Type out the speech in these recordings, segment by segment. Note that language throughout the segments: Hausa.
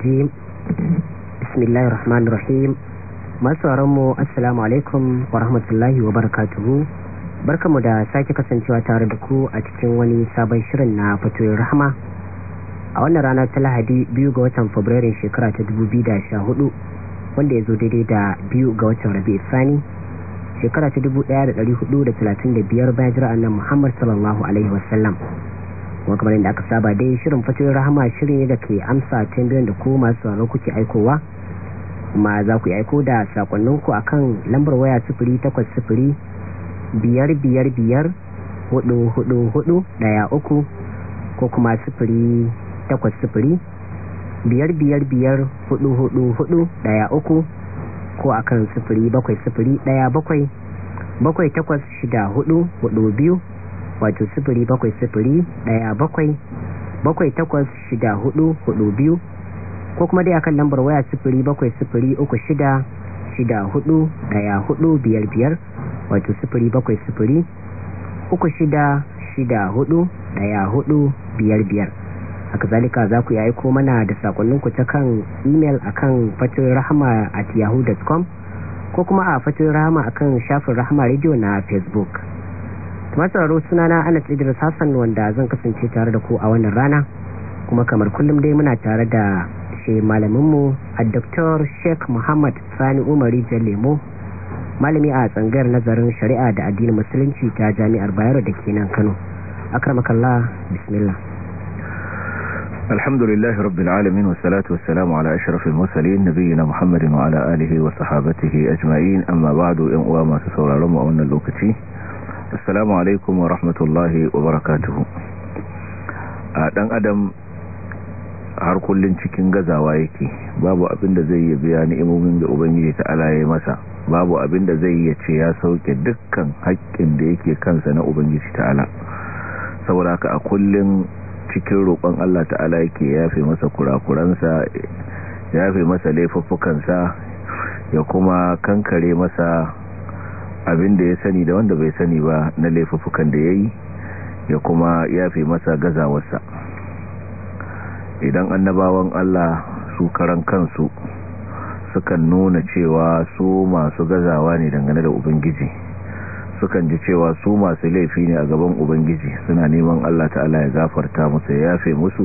rajim bismillahi rahmanir rahim masu mu assalamu alaikum wa rahmatullahi wa barakatuhu barkamu da sake kasancewa tare da ku a cikin wani sabon shirin na fatoyin rahama a wannan rana ta lahadi biyu ga watan fabrairu shekara ta 2014 wanda ya zo daidai da biyu ga watan rabi'u sani shekara ta 1435 bayan jira'an nan muhammad sallallahu alaihi wasallam kuma kamar yadda aka saba dai shirin fashin rahama shirin ne da ke amsa tambayoyin da ko masu sauraro kuke aikowa kuma za ku aiko da sakonninku kan lambar waya sifiri takwas sifiri biyar biyar biyar hudu hudu hudu daya uku ko kuma sifiri takwas sifiri biyar biyar biyar hudu hudu hudu daya uku ko akan sifiri bakwai sifiri daya bakwai bakwai takwas shida hudu hudu biyu wato sifili bakwai sifili ɗaya bakwai bakwai takwas shida hudu hudu biyu ko kuma dai akan lambar waya sifili bakwai sifili uku shida shida hudu ɗaya hudu biyar biyar wato sifili bakwai sifili uku shida shida hudu ɗaya hudu biyar biyar haka zalika za ku yayi ko mana da sakonninku ta kan imel akan fatin rahama at yahoo.com ko kuma a fatin rahama akan shafin rahama radio na facebook suna sunana ana idris hassan wanda zan kasance tare da ku a wannan rana kuma kamar kullum dai muna tare da shi malaminmu a dr sheikh muhammad sani umari jalemo malami a tsangayar nazarin shari'a da addinin musulunci ta jami'ar bayero da ke nan kano akramakallah bismillah الحمد لله رب العالمين والصلاة muhammadin wa ala alihi wa محمد وعلى آله وصحابته yan uwa masu sauraron mu a wannan lokaci. assalamu alaikum wa rahmatullahi wa barakatuhu a dan adam har kullun cikin gazawa yake babu abin da zai yi biya ni'imomin da ubangiji ta alaye masa babu abin da zai yi ce ya sauke dukkan haƙƙin da yake kansa na ubangiji ta ala saboda ka a kullun cikin roƙon Allah ta ta'ala yake yafe masa kurakuransa yafe masa laifuffukansa ya kuma kankare masa abin da ya sani da wanda bai sani ba na laifukan da ya yi ya kuma yafe masa gazawarsa idan annabawan Allah su karan kansu sukan nuna cewa su masu gazawa ne dangane da ubangiji sukan ji cewa su masu laifi ne a gaban ubangiji suna neman Allah ta'ala ya zafarta musu ya yafe musu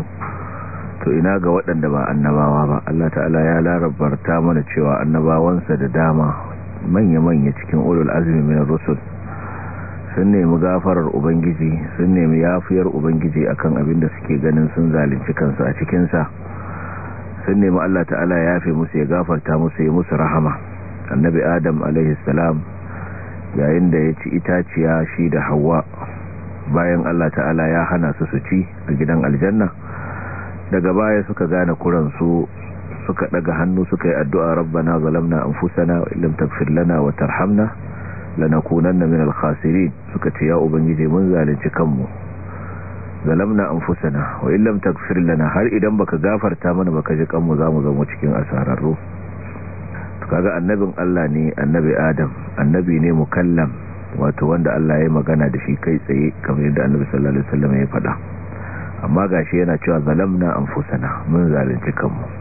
to ina ga waɗanda ba annabawa ba Allah ta'ala ya larabarta mana cewa annabawansa da dama manya-manya cikin ulul azumi mai rusul sun nemi gafarar ubangiji sun nemi yafiyar ubangiji akan abin da suke ganin sun zalunci kansu a cikinsa sun nemi Allah ta'ala ya yafe musu ya gafarta musu ya musu rahama annabi adam alaihi yayin da ya ci itaciya shi da hawa bayan Allah ta'ala ya hana su su ci a gidan aljanna daga baya suka gane kuransu suka daga hannu suka yi addu'a rabbana zalamna anfusana wa illam taghfir lana wa tarhamna lanakunanna minal khasirin suka ce ya ubangiji mun zalunci kanmu zalamna anfusana wa illam taghfir lana har idan baka gafarta mana baka ji kanmu za mu zama cikin asararru kaga annabin Allah ne annabi Adam annabi ne mukallam wato wanda Allah ya magana da shi kai tsaye kamar yadda annabi sallallahu alaihi wasallam ya faɗa amma gashi yana cewa zalamna anfusana mun zalunci kanmu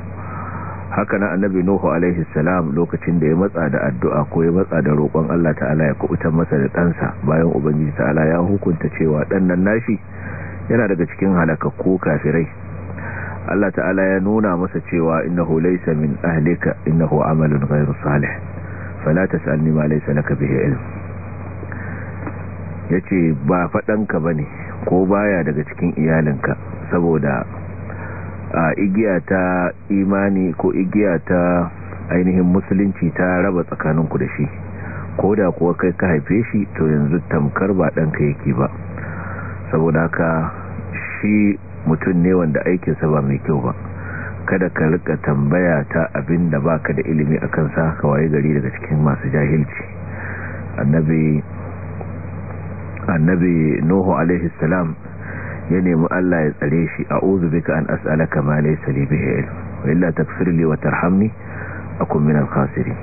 haka na annabi nuhu alaihi salam lokacin da ya matsa da addu'a ko ya matsa da roƙon Allah ta'ala ya kubutar masa da ɗansa bayan ubangiji ta'ala ya hukunta cewa ɗan nan nashi yana daga cikin halakakku kafirai Allah ta'ala ya nuna masa cewa innahu laysa min ahlika innahu amalun ghayru salih fala tas'alni ma laysa laka bihi ilm yace ba fadanka bane ko baya daga cikin iyalinka saboda a igiya ta imani ko igiya ta ainihin musulunci ta raba tsakaninku da shi ko da kuwa kai ka haife shi to yanzu tamkar ba ɗanka yake ba saboda ka shi mutum ne wanda aikinsa ba mai kyau ba kada ka rika tambaya ta abin da baka da ilimi akan sa ka waye gari daga cikin masu jahilci annabi annabi nuhu alaihi salam ya nemi Allah ya tsare shi a bika an asala kama laysa salibi ya ilu wa illa li wa tarhamni a min kasiri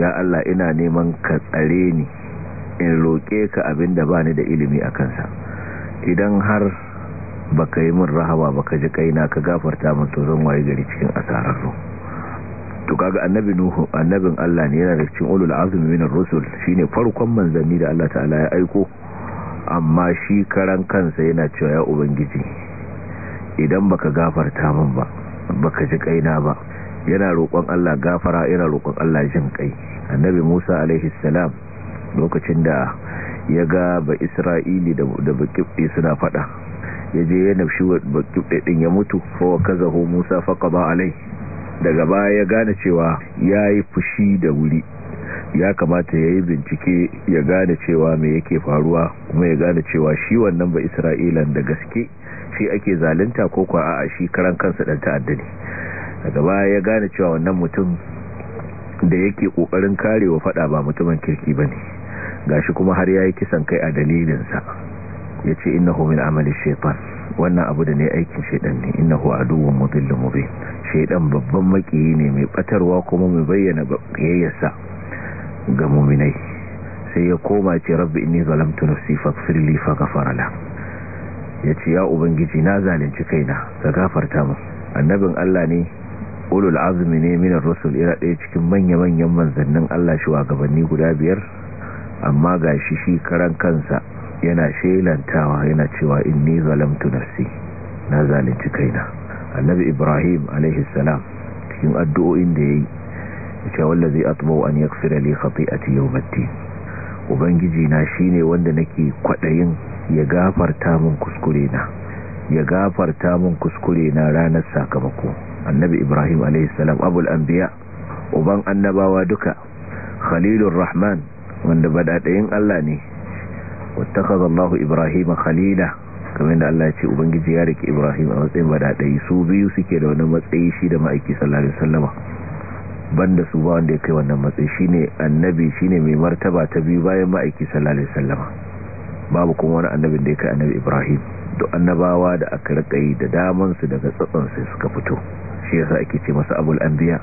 ya Allah ina neman ka tsare ni in roƙe ka abin abinda bani da ilimi a kansa idan har baka yi min rahama baka ji kaina ka gafarta min to zan waye gari cikin asararru to kaga annabi nuhu annabin Allah ne yana da cikin ulul azmi minar rusul shine farkon manzanni da Allah ta'ala ya aiko amma shi karan kansa yana cewa ya ubangiji idan baka gafarta min ba baka ji kaina ba yana roƙon Allah gafara yana roƙon Allah jin kai annabi Musa alaihi salam lokacin da ya ga ba Isra'ili da bakibdi suna fada ya je ya nafshi bakibdi din ya mutu fa kazahu Musa faqaba alai daga baya ya gane cewa yayi fushi da wuri ya kamata ya yi bincike ya gane cewa mai yake faruwa kuma ya gane cewa shi wannan ba isra'ilan da gaske shi ake zalunta ko kwa a shi karan kansa dan ta'adda ne daga baya ya gane cewa wannan mutum da yake kokarin karewa fada ba mutumin kirki ba ne gashi kuma har ya yi kisan kai a dalilinsa ya ce yace hu min amalin shaytan wannan abu da ne aikin shaiɗan ne duwun aduwwun da mubin shaiɗan babban makiyi ne mai batarwa kuma mai bayyana yayyasa ga muminai sai ya koma ce rabbi inni zalamtu nafsi faghfir li faghfara la yace ya ubangiji na zalunci kaina ka gafarta mu annabin Allah ne ulul azumi ne minar rasul ira ɗaya cikin manya-manyan manzannin Allah shugabanni guda biyar amma gashi shi karan kansa yana shelantawa yana cewa inni zalamtu nafsi na zalunci kaina annabi ibrahim alaihi salam cikin addu'o'in da yayi da zai atbu an yaghfira li khati'ati yawmiddin ubangiji na shine wanda nake kwaɗayin ya gafarta min kuskure na ya gafarta min kuskure na ranar sakamako annabi ibrahim alayhi abul anbiya uban annabawa duka khalilun rahman wanda badadayin Allah ne wattakhadha Allahu ibrahima khalila kamar da Allah ce ubangiji ya rike ibrahim a matsayin badadayi su biyu suke da wani matsayi shi da ma'aiki sallallahu alaihi wasallama banda su ba wanda ya kai wannan matsayi shine annabi shine mai martaba ta biyu bayan ma'aiki sallallahu alaihi wasallama babu kuma wani annabi da ya kai annabi Ibrahim to annabawa da aka rika yi da daman su daga tsatson sai suka fito shi yasa ake ce masa abul anbiya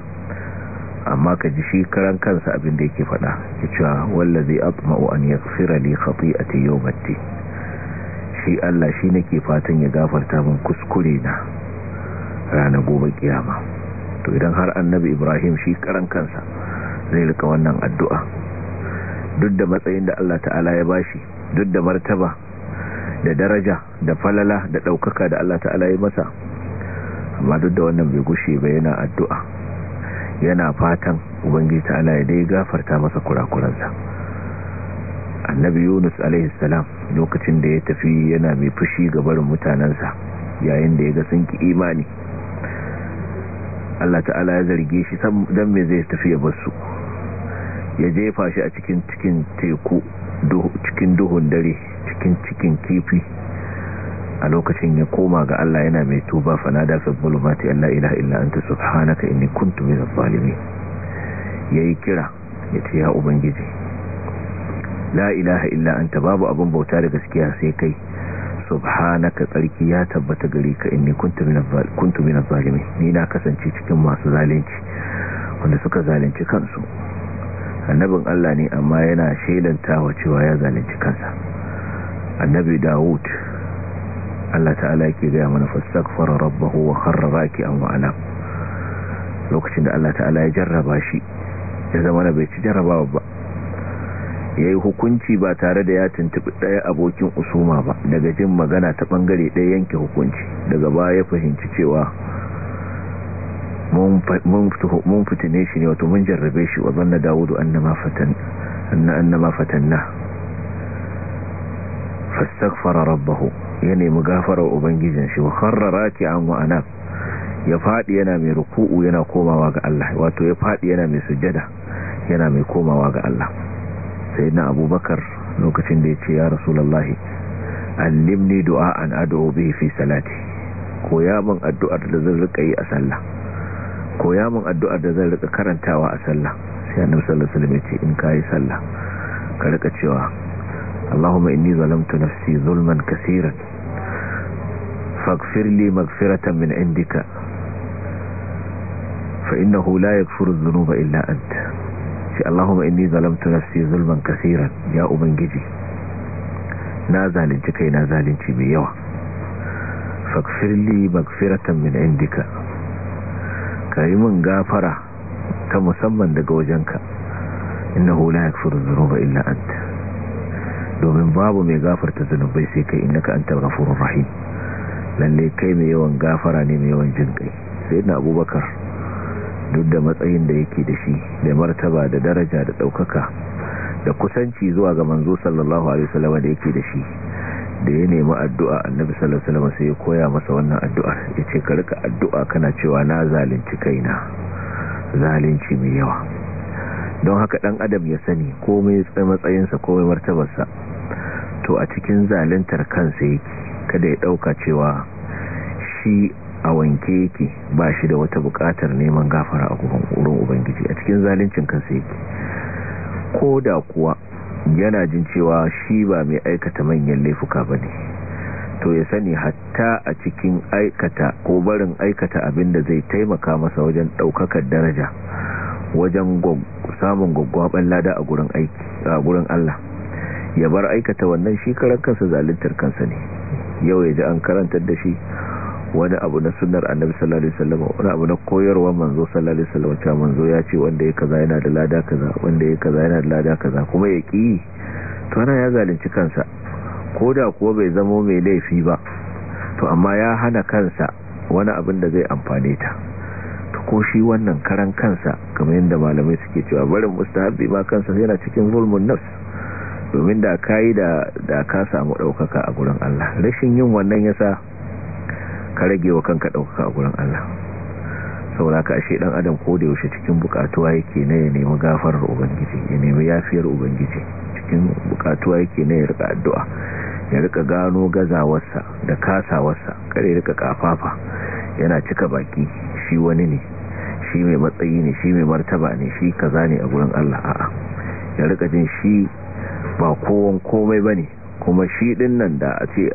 amma ka ji shi karan kansa abin da yake faɗa ki cewa wallazi atma'u an yaghfira li khati'ati yawmati shi Allah shi nake fatan ya gafarta min kuskure na rana gobe kiyama to idan har annabi ibrahim shi karan kansa zai rika wannan addu'a duk da matsayin da allah ta'ala ya bashi duk da martaba da daraja da falala da ɗaukaka da allah ta'ala ya masa amma duk da wannan bai gushe ba yana addu'a yana fatan ubangiji ta'ala ya dai gafarta masa kurakuransa annabi yunus alaihi salam lokacin da ya tafi yana mai fushi ga barin mutanensa yayin da ya ga sun ki imani Allah ta'ala ya zarge shi dan me zai tafi ya basu ya jefa shi a cikin cikin teku cikin duhun dare cikin cikin kifi a lokacin ya koma ga Allah yana mai tuba fanada fi ta Allah ilaha illa anta subhanaka inni kuntu minaz ya yayi kira ya ce ya ubangiji la ilaha illa anta babu abin bauta da gaskiya sai kai subhanaka tsarki ya tabbata gare ka inni kuntu min zalimi ni na kasance cikin masu zalunci wanda suka zalunci kansu annabin Allah ne amma yana wa cewa ya zalunci kansa annabi Dawud Allah ta'ala yake ga mana fastaghfara rabbahu wa kharra an wa ana lokacin da Allah ta'ala ya jarraba shi ya zama na bai ci jarrabawa ba ya yi hukunci ba tare da ya tuntuɓi ɗaya abokin usuma ba daga jin magana ta ɓangare ɗaya yanke hukunci daga baya ya fahimci cewa mun fitine shi ne wato mun jarrabe shi wa zanna dawudu annama fatanna fastaghfara rabbahu ya nemi gafarar ubangijin shi wa kharra raki'an an wa'ana ya fadi yana mai ruku'u yana komawa ga Allah wato ya fadi yana mai sujada yana mai komawa ga Allah sai na abubakar lokacin da ya ce ya rasulallahi allimni du'a an ad'u bihi fi salati koya min addu'ar da zan rika yi a sallah koya min addu'ar da zan rika karantawa a sallah sai annabi sallallahu alaihi wasallam ya ce in kai sallah ka rika cewa Allahumma inni zalamtu nafsi zulman kaseeran faghfir li maghfiratan min indika fa innahu la yaghfiru dhunuba illa anta ce Allahumma inni zalamtu nafsi zulman kaseeran ya ubangiji na zalunci kai na zalunci mai yawa faghfirli maghfiratan min indika yi min gafara ta musamman daga wajenka innahu la yaghfiru dhunuba illa anta domin babu mai gafarta zunubai sai kai innaka antal ghafurur rahim lalle kai mai yawan gafara ne mai yawan jin kai sayyidina abubakar duk da matsayin da yake da shi da martaba da daraja da ɗaukaka da kusanci zuwa ga manzo sallallahu alaihi wasallam da yake da shi da ya nemi addu'a annabi sallallahu alaihi wasallam sai ya koya masa wannan addu'ar ce ka rika addu'a kana cewa na zalunci kaina zalunci mai yawa don haka dan adam ya sani komai matsayinsa komai martabarsa to a cikin zaluntar kansa yake kada ya dauka cewa shi a wanke yake ba shi da wata bukatar neman gafara a wurin ubangiji a cikin zalincin kansa yake ko da kuwa yana jin cewa shi ba mai aikata manyan laifuka ba ne to ya sani hatta a cikin aikata ko barin aikata abin da zai taimaka masa wajen ɗaukakar daraja wajen samun gwaggwaban lada a gurin Allah ya bar aikata wannan shi karan kansa zalintar kansa ne yau ya ji an karantar da shi wani abu na sunar annabi sallallahu alaihi wasallam wani abu na koyarwa manzo sallallahu alaihi wasallam cewa manzo ya ce wanda ya kaza yana da lada kaza wanda ya kaza yana da lada kaza kuma ya ki to ana ya zalunci kansa koda kuwa bai zama mai laifi ba to amma ya hana kansa wani abin da zai amfane ta to ko shi wannan karan kansa kamar yadda malamai suke cewa barin mustahabi ma kansa yana cikin zulmun nafs domin da kayi da ka samu daukaka a gurin Allah rashin yin wannan yasa ka rage wa kanka ɗaukaka a gurin Allah saboda ka ashe dan adam ko da yaushe cikin bukatuwa yake ne ya nemi gafarar ubangiji ya nemi yafiyar ubangiji cikin bukatuwa yake ne ya rika addu'a ya rika gano gazawarsa da kasawarsa kare rika kafafa yana cika baki shi wani ne shi mai matsayi ne shi mai martaba ne shi kaza ne a gurin Allah a'a ya rika jin shi ba kowan komai bane kuma shi din nan da a ce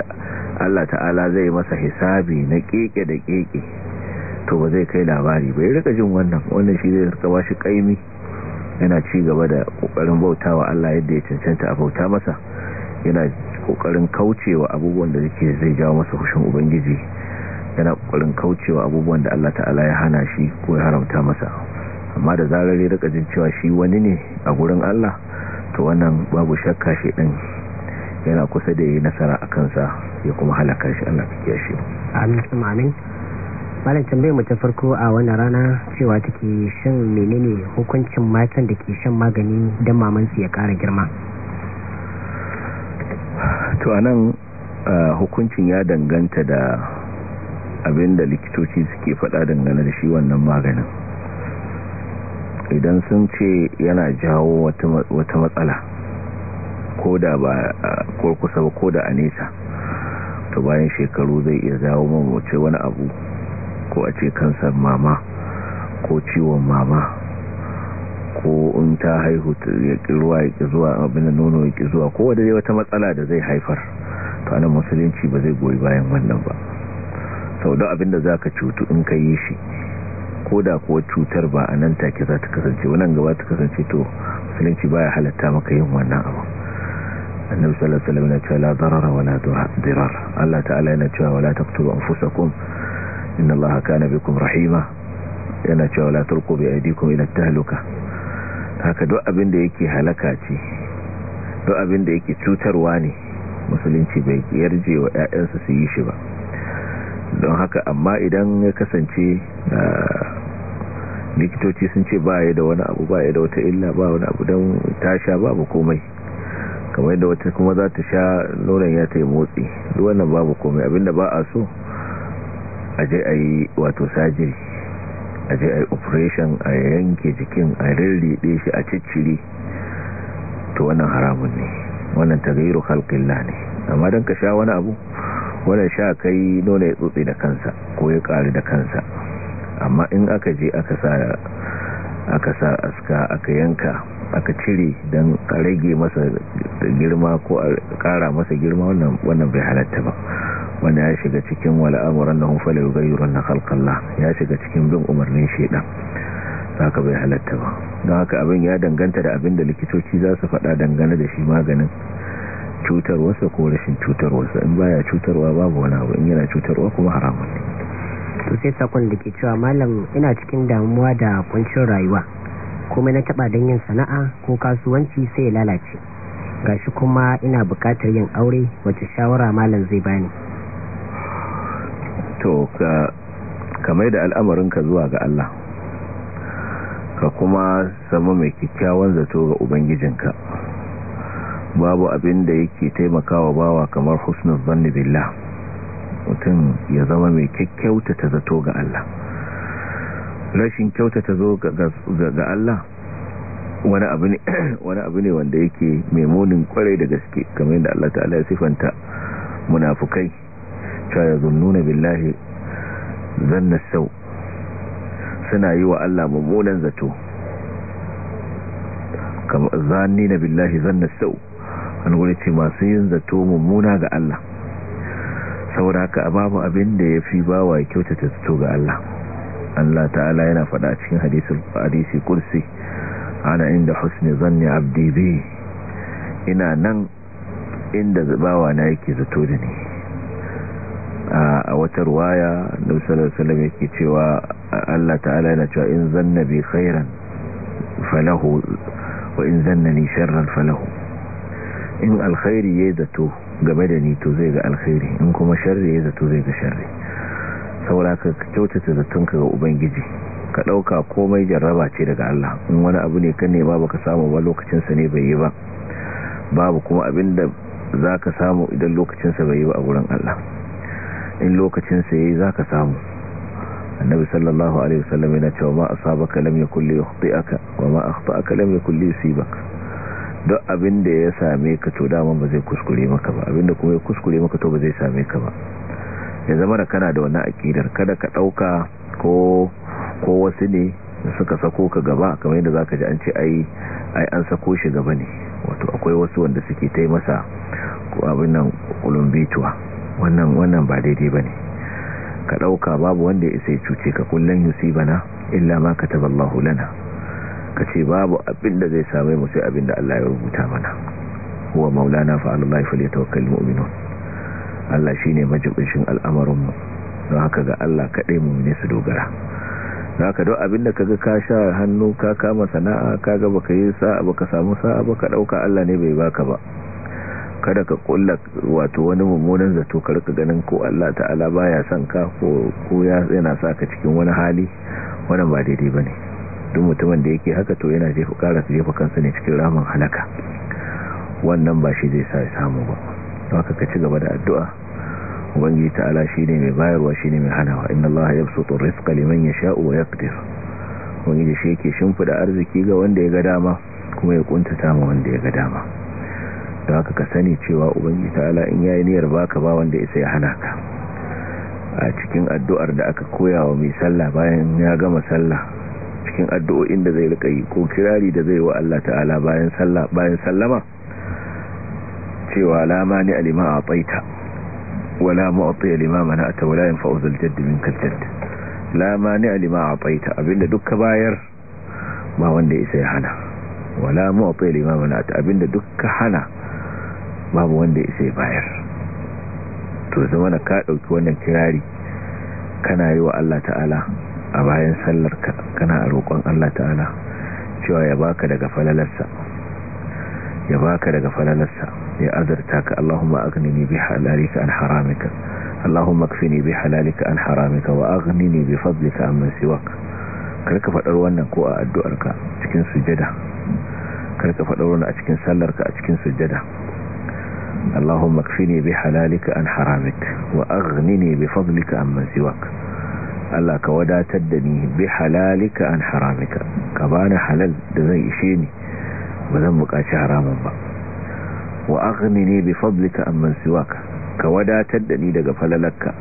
Allah ta'ala zai masa hisabi na keke da keke to ba zai kai labari bai rika jin wannan wannan shi zai rika bashi kaimi yana ci gaba da kokarin wa Allah yadda ya cancanta a bauta masa yana kokarin kaucewa abubuwan da yake zai jawo masa hushin ubangiji yana kokarin kaucewa abubuwan da Allah ta'ala ya hana shi ko ya haramta masa amma da zarar ya rika jin cewa shi wani ne a gurin Allah to wannan babu shakka shi din yana kusa da yi nasara a kansa ya kuma halaka shi Allah ya shi amin amin malam tambayar mu ta farko a wannan rana cewa take shan menene hukuncin matan da ke shan magani don mamansu ya kara girma to anan hukuncin ya danganta da abin da likitoci suke faɗa dangane da shi wannan maganin idan sun ce yana jawo wata matsala koda da ba ko kusa ba ko a nesa to bayan shekaru zai iya zawo mamace wani abu ko a ce kansar mama ko ciwon mama ko in ta haihu ya ruwa ya zuwa abin da nono ya zuwa ko wadda zai wata matsala da zai haifar to anan musulunci ba zai goyi bayan wannan ba sau da abin da za ka cutu in ka yi shi ko da kuwa cutar ba a nan take za ta kasance wannan gaba ta kasance to musulunci baya halatta maka yin wannan abu annabi sallallahu alaihi wasallam ya ce la darara wala dirar Allah ta'ala yana cewa wala taqtulu anfusakum inna Allah kana bikum rahima yana cewa wala tulqu bi aydikum ila tahluka haka duk abin da yake halaka ce duk abin da yake cutarwa ne musulunci bai yarje wa ƴaƴansa su yi shi ba don haka amma idan ya kasance ah, likitoci sun ce ba ya da wani abu ba ya da wata illa ba wani abu don tasha babu komai kamar da wata kuma za ta sha nonon ya ta yi motsi wannan babu komai abinda ba a so a je a yi wato sajiri a je a yi operation a yanke jikin a rirriɗe shi a cicciri to wannan haramun ne wannan tagayiru halƙilla ne amma don ka sha wani abu wannan sha kai nuna ya tsotse da kansa ko ya ƙari da kansa amma in aka je aka sa aka sa aska aka yanka aka cire don rage masa girma ko a kara masa girma wannan bai halatta ba wanda ya shiga cikin wal'amuran na hunfala yau na kalkalla ya shiga cikin bin umarnin shaidan ka bai halatta ba don haka abin ya danganta da abin da likitoci za su faɗa dangane da shi maganin cutarwarsa ko rashin cutarwarsa in baya cutarwa babu wani abu in yana cutarwa kuma haramun ne to sai sakon da ke cewa malam ina cikin damuwa da kuncin rayuwa kuma na taba don yin sana'a ko kasuwanci sai ya lalace ga shi kuma ina bukatar yin aure wace shawara malam zai bani to ka kamar da al'amarinka zuwa ga Allah ka kuma zama mai kyakkyawan zato ga ubangijinka babu abin da yake taimakawa bawa kamar husnul zanni billah mutum ya zama mai kyakkyauta ta zato ga Allah rashin kyauta ta zo ga Allah wani abu ne wanda yake memonin kwarai da gaske kamar yadda Allah ta'ala ya sifanta munafukai cewa ya zunnuna billahi zanna sau suna yi wa Allah mummunan zato kamar zanni na billahi zanna sau an wuri ce masu yin zato mummuna ga Allah sauraka haka babu abin da ya fi ba wa kyautata zato ga Allah Allah ta'ala yana faɗa a cikin hadisi kursi ana inda husni zanni abdi bi ina nan inda bawa na yake zato da ni a wata ruwaya da sallallahu yake cewa Allah ta'ala yana cewa in zanna bi khairan falahu wa in zanna ni sharran falahu in alkhairi ya zato game da ni to zai ga alkhairi in kuma sharri ya zato zai ga sharri saboda ka kyautata zatonka ga ubangiji ka ɗauka komai jarraba ce daga Allah in wani abu ne ka nema baka samu ba lokacinsa ne bai yi ba babu kuma abin da zaka samu idan lokacinsa bai yi ba a wurin Allah in lokacinsa ya yi za ka samu annabi sallallahu alaihi wasallam yana cewa ma asabaka lam yakul li wa ma akhta'aka lam yakul li yusibaka don abin da ya same ka to dama ba zai kuskure maka ba abin da kuma ya kuskure maka to ba zai same ka ba ya zama da kana da wani akidar kada ka dauka ko wasu ne da suka sako ka gaba kamar yadda za ka ji an ce ai an sako shi gaba ne wato akwai wasu wanda suke tai masa ko abin nan kulumbituwa wannan wannan ba daidai ba ne ka dauka babu wanda ya isa ya cuce ka yusi bana illa ma ka taballahu lana ka ce babu abin da zai same mu sai abin da Allah ya rubuta mana huwa maulana fa ta falyatawakkal mu'minun Allah shine majibin al'amarin mu don haka ga Allah kadai mu ne su dogara haka duk abin da kaga ka sha hannu ka kama sana'a kaga baka yi sa'a baka samu sa'a baka dauka Allah ne bai baka ba kada ka kulla wato wani mummunan zato ka rika ganin ko Allah ta'ala baya son ka ko ko ya yana saka cikin wani hali wannan ba daidai bane duk mutumin da yake haka to yana jefa karas su jefa kansa ne cikin ramin halaka wannan ba shi zai sa samu ba haka ka ci gaba da addu'a ubangiji shi ne mai bayarwa shi ne mai hanawa inna allaha yabsutu rizqa liman yasha'u wa yaqdir ubangiji shi yake shimfida arziki ga wanda ya ga dama kuma ya kuntata ma wanda ya ga dama don haka ka sani cewa ubangiji Ala in yayi niyyar baka ba wanda ya sai hana ka a cikin addu'ar da aka koya wa mai sallah bayan ya gama sallah cikin addu'o'in da zai rika yi ko kirari da zai wa Allah ta'ala bayan sallah bayan sallama cewa la mani alima ataita wala mu'ti alima mana wala yanfa'u zal jadd minkal jadd la mani alima ataita abinda dukka bayar ba wanda ya sai hana wala mu'ti alima mana'ata abinda dukka hana babu wanda ya sai bayar to zama na ka dauki wannan kirari kana yi wa Allah ta'ala a bayan sallarka kana roƙon Allah ta'ala cewa ya baka daga falalarsa ya baka daga falalarsa ya azurta ka Allahumma aghnini bi halalika an haramika Allahumma kfini bi halalika an haramika wa aghnini bi fadlika amman siwak karka fadar wannan ko a addu'arka cikin sujada karka fadar wannan a cikin sallarka a cikin sujada Allahumma kfini bi halalika an haramika wa aghnini bi fadlika amman siwak Allah ka wadatar da ni bi halalika an haramika ka bani halal da zai ishe ni ba zan bukaci haramun ba wa aghnini bi fadlika amman siwaka ka wadatar da ni daga falalarka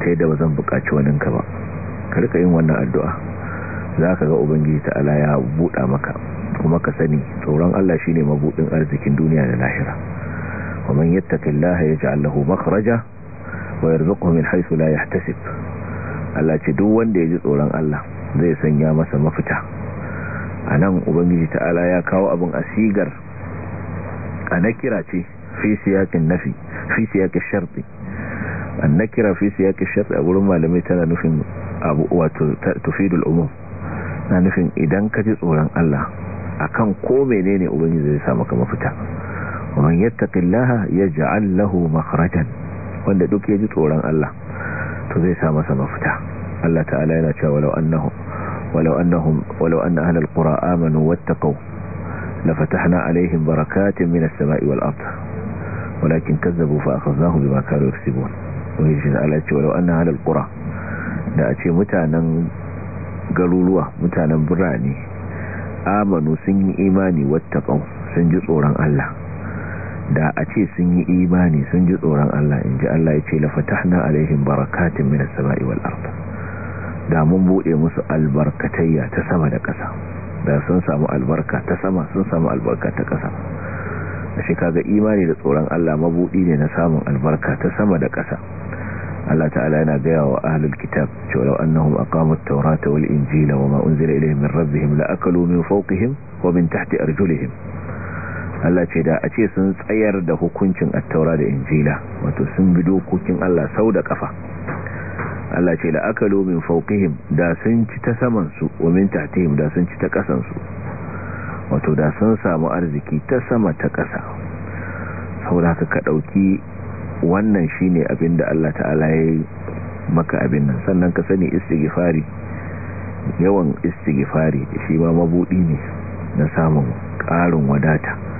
ta yadda ba zan buƙaci ka ba karka yin wannan addu'a zaka ga ubangiji ta ala ya buɗa maka kuma ka sani tsoron Allah shine mabudin arzikin duniya da lahira ومن يتق الله يجعل له مخرجا ويرزقه من حيث لا يحتسب Allah ce duk wanda ya ji tsoron Allah zai sanya masa mafita a nan ubangiji ta'ala ya kawo abin asigar a nakira ce fi siyakin nafi fi siyakin sharti an nakira fi siyakin sharti a wurin malamai tana nufin abu wato tufidul umum na nufin idan ka ji tsoron Allah akan ko menene ubangiji zai sa maka mafita ومن يتق الله يجعل له مخرجا wanda duk ya ji tsoron Allah to zai sa masa mafita Allah ta'ala yana cewa walau annahum walau annahum walau anna ahlal qura amanu wattaqu lafatahna alaihim barakatin minas sama'i wal ard walakin kazzabu fa akhadnahum bima kanu yaksibun wani shi Allah ya ce walau anna ahlal qura da a ce mutanen garuruwa mutanen birane amanu sun yi imani wattaqu sun ji tsoron Allah da a ce sun yi imani sun ji tsoron Allah in ji Allah ya ce lafatahna alaihim barakatin minas sama'i wal ard da mun bude musu albarkataiya ta sama da ƙasa da sun samu albarka ta sama sun samu albarka ta ƙasa ashe kaga imani da tsoron Allah mabudi ne na samun albarka ta sama da ƙasa Allah ta'ala yana gaya wa ahlul kitab cewa law annahum aqamu at-taurata wal injila wama unzila ilayhim min rabbihim la akalu min fawqihim wa min tahti arjulihim Allah ce da a ce sun tsayar da hukuncin attaura da injila wato sun bi dokokin Allah sau da kafa Allah ce da aka lomin faukihim da sun ci ta saman su wa da sun ci ta kasansu wato da sun samu arziki ta sama ta kasa sau haka ka ɗauki wannan shine abin da Allah ta'ala ya maka abin nan sannan ka sani istigifari yawan istigifari shi ma mabudi ne na samun ƙarin wadata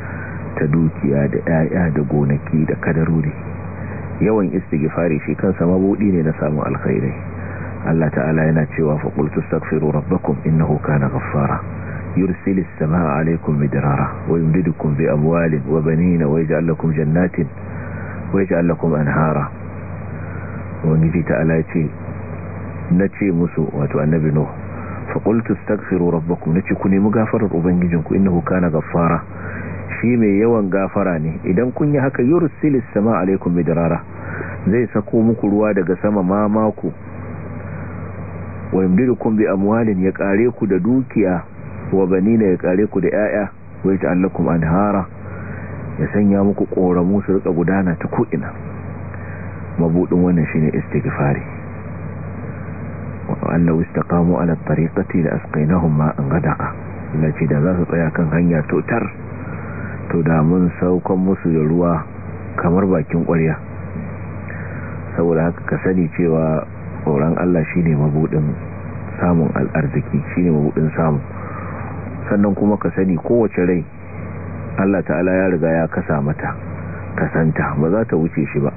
ta dukiya da 'ya'ya da gonaki da kadarori yawan istighfari shi kansa mabudi ne na samun alkhairai Allah ta'ala yana cewa fa qultu astaghfiru rabbakum innahu kana ghaffara yursilis samaa alaykum midrara wa yumdidukum bi amwalin wa banina wa yaj'al lakum jannatin wa yaj'al lakum anhara wani ta'ala ya ce nace musu wato annabi nuh fa qultu astaghfiru rabbakum nace ku nemi gafarar ubangijinku innahu kana ghaffara shi mai yawan gafara ne idan kun yi haka yursilis sama alaikum midrara zai sako muku ruwa daga sama mamaku mako wa yumdidukum bi amwalin ya kare ku da dukiya wa banina ya kare ku da yaya wai ta yata'allakum anhara ya sanya muku kora su rika gudana ta ko'ina mabudin wannan shine istighfari wa annahu istaqamu ala tariqati la asqainahum ma'an gadaa nace da za su tsaya kan hanya tutar. to da mun saukan musu da ruwa kamar bakin ƙwarya saboda haka ka sani cewa tsoron Allah shine mabudin samun al'arziki shine mabudin samu sannan kuma ka sani kowace rai Allah ta'ala ya riga ya kasa mata kasanta ba za ta wuce shi ba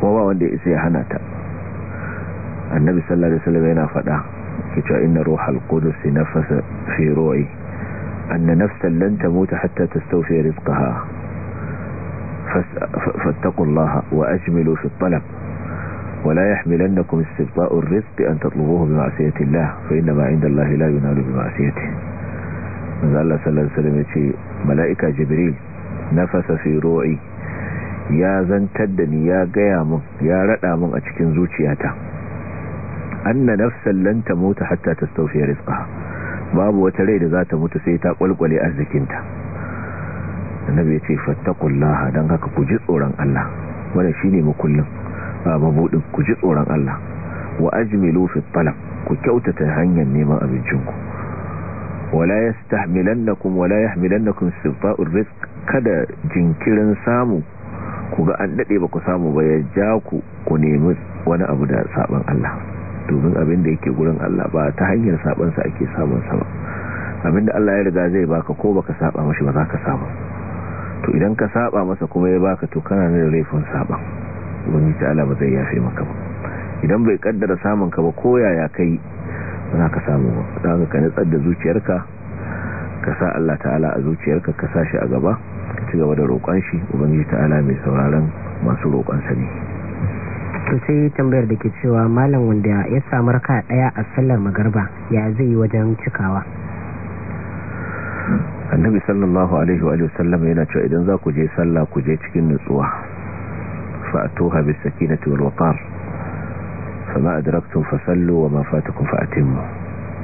kuma ba wanda ya isa ya hana ta annabi sallallahu alaihi wasallam yana faɗa cewa inna ruhal qudus nafasa fi ruhi أن نفسا لن تموت حتى تستوفي رزقها فاتقوا الله وأجملوا في الطلب ولا يحملنكم استبطاء الرزق أن تطلبوه بمعصية الله فإنما عند الله لا ينال بمعصيته من الله صلى الله عليه وسلم يقول ملائكة جبريل نفس في روعي يا zantar تدني يا ya يا mun ya rada أن نفسا لن تموت حتى تستوفي رزقها babu wata rai da za ta mutu sai ta kwalkwale arzikinta annabi ya ce fattakullaha don haka ku ji tsoron Allah wannan shine makullin ba mabudin ku ji tsoron Allah wa ajmilu fi talab ku kyautata hanyar neman abincinku wala yastahmilannakum wala yahmilannakum sifa'ur rizq kada jinkirin samu ku ga an dade ba ku samu ba ya ja ku ku nemi wani abu da saban Allah domin abin da yake gurin Allah ba ta hanyar sabansa ake samun sama ba abin da Allah ya riga zai baka ko baka saba mashi ba za ka samu to idan ka saba masa kuma ya baka to kana da laifin saba wani ta'ala ba zai yafe maka ba idan bai kaddara samun ka ba ko yaya kai ba za ka samu ba za ka nitsar da zuciyarka ka sa Allah ta'ala a zuciyarka ka sa shi a gaba ka ci gaba da roƙon shi ubangiji ta'ala mai sauraron masu roƙon sa ne to sai tambayar da ke cewa malam wanda ya samar ka daya a sallar magarba ya zai yi wajen cikawa annabi sallallahu alaihi wa sallam yana cewa idan za ku je sallah ku je cikin nutsuwa fa'tuha bis sakinati wal waqar fama adraktum sallu wa ma fatakum atimmu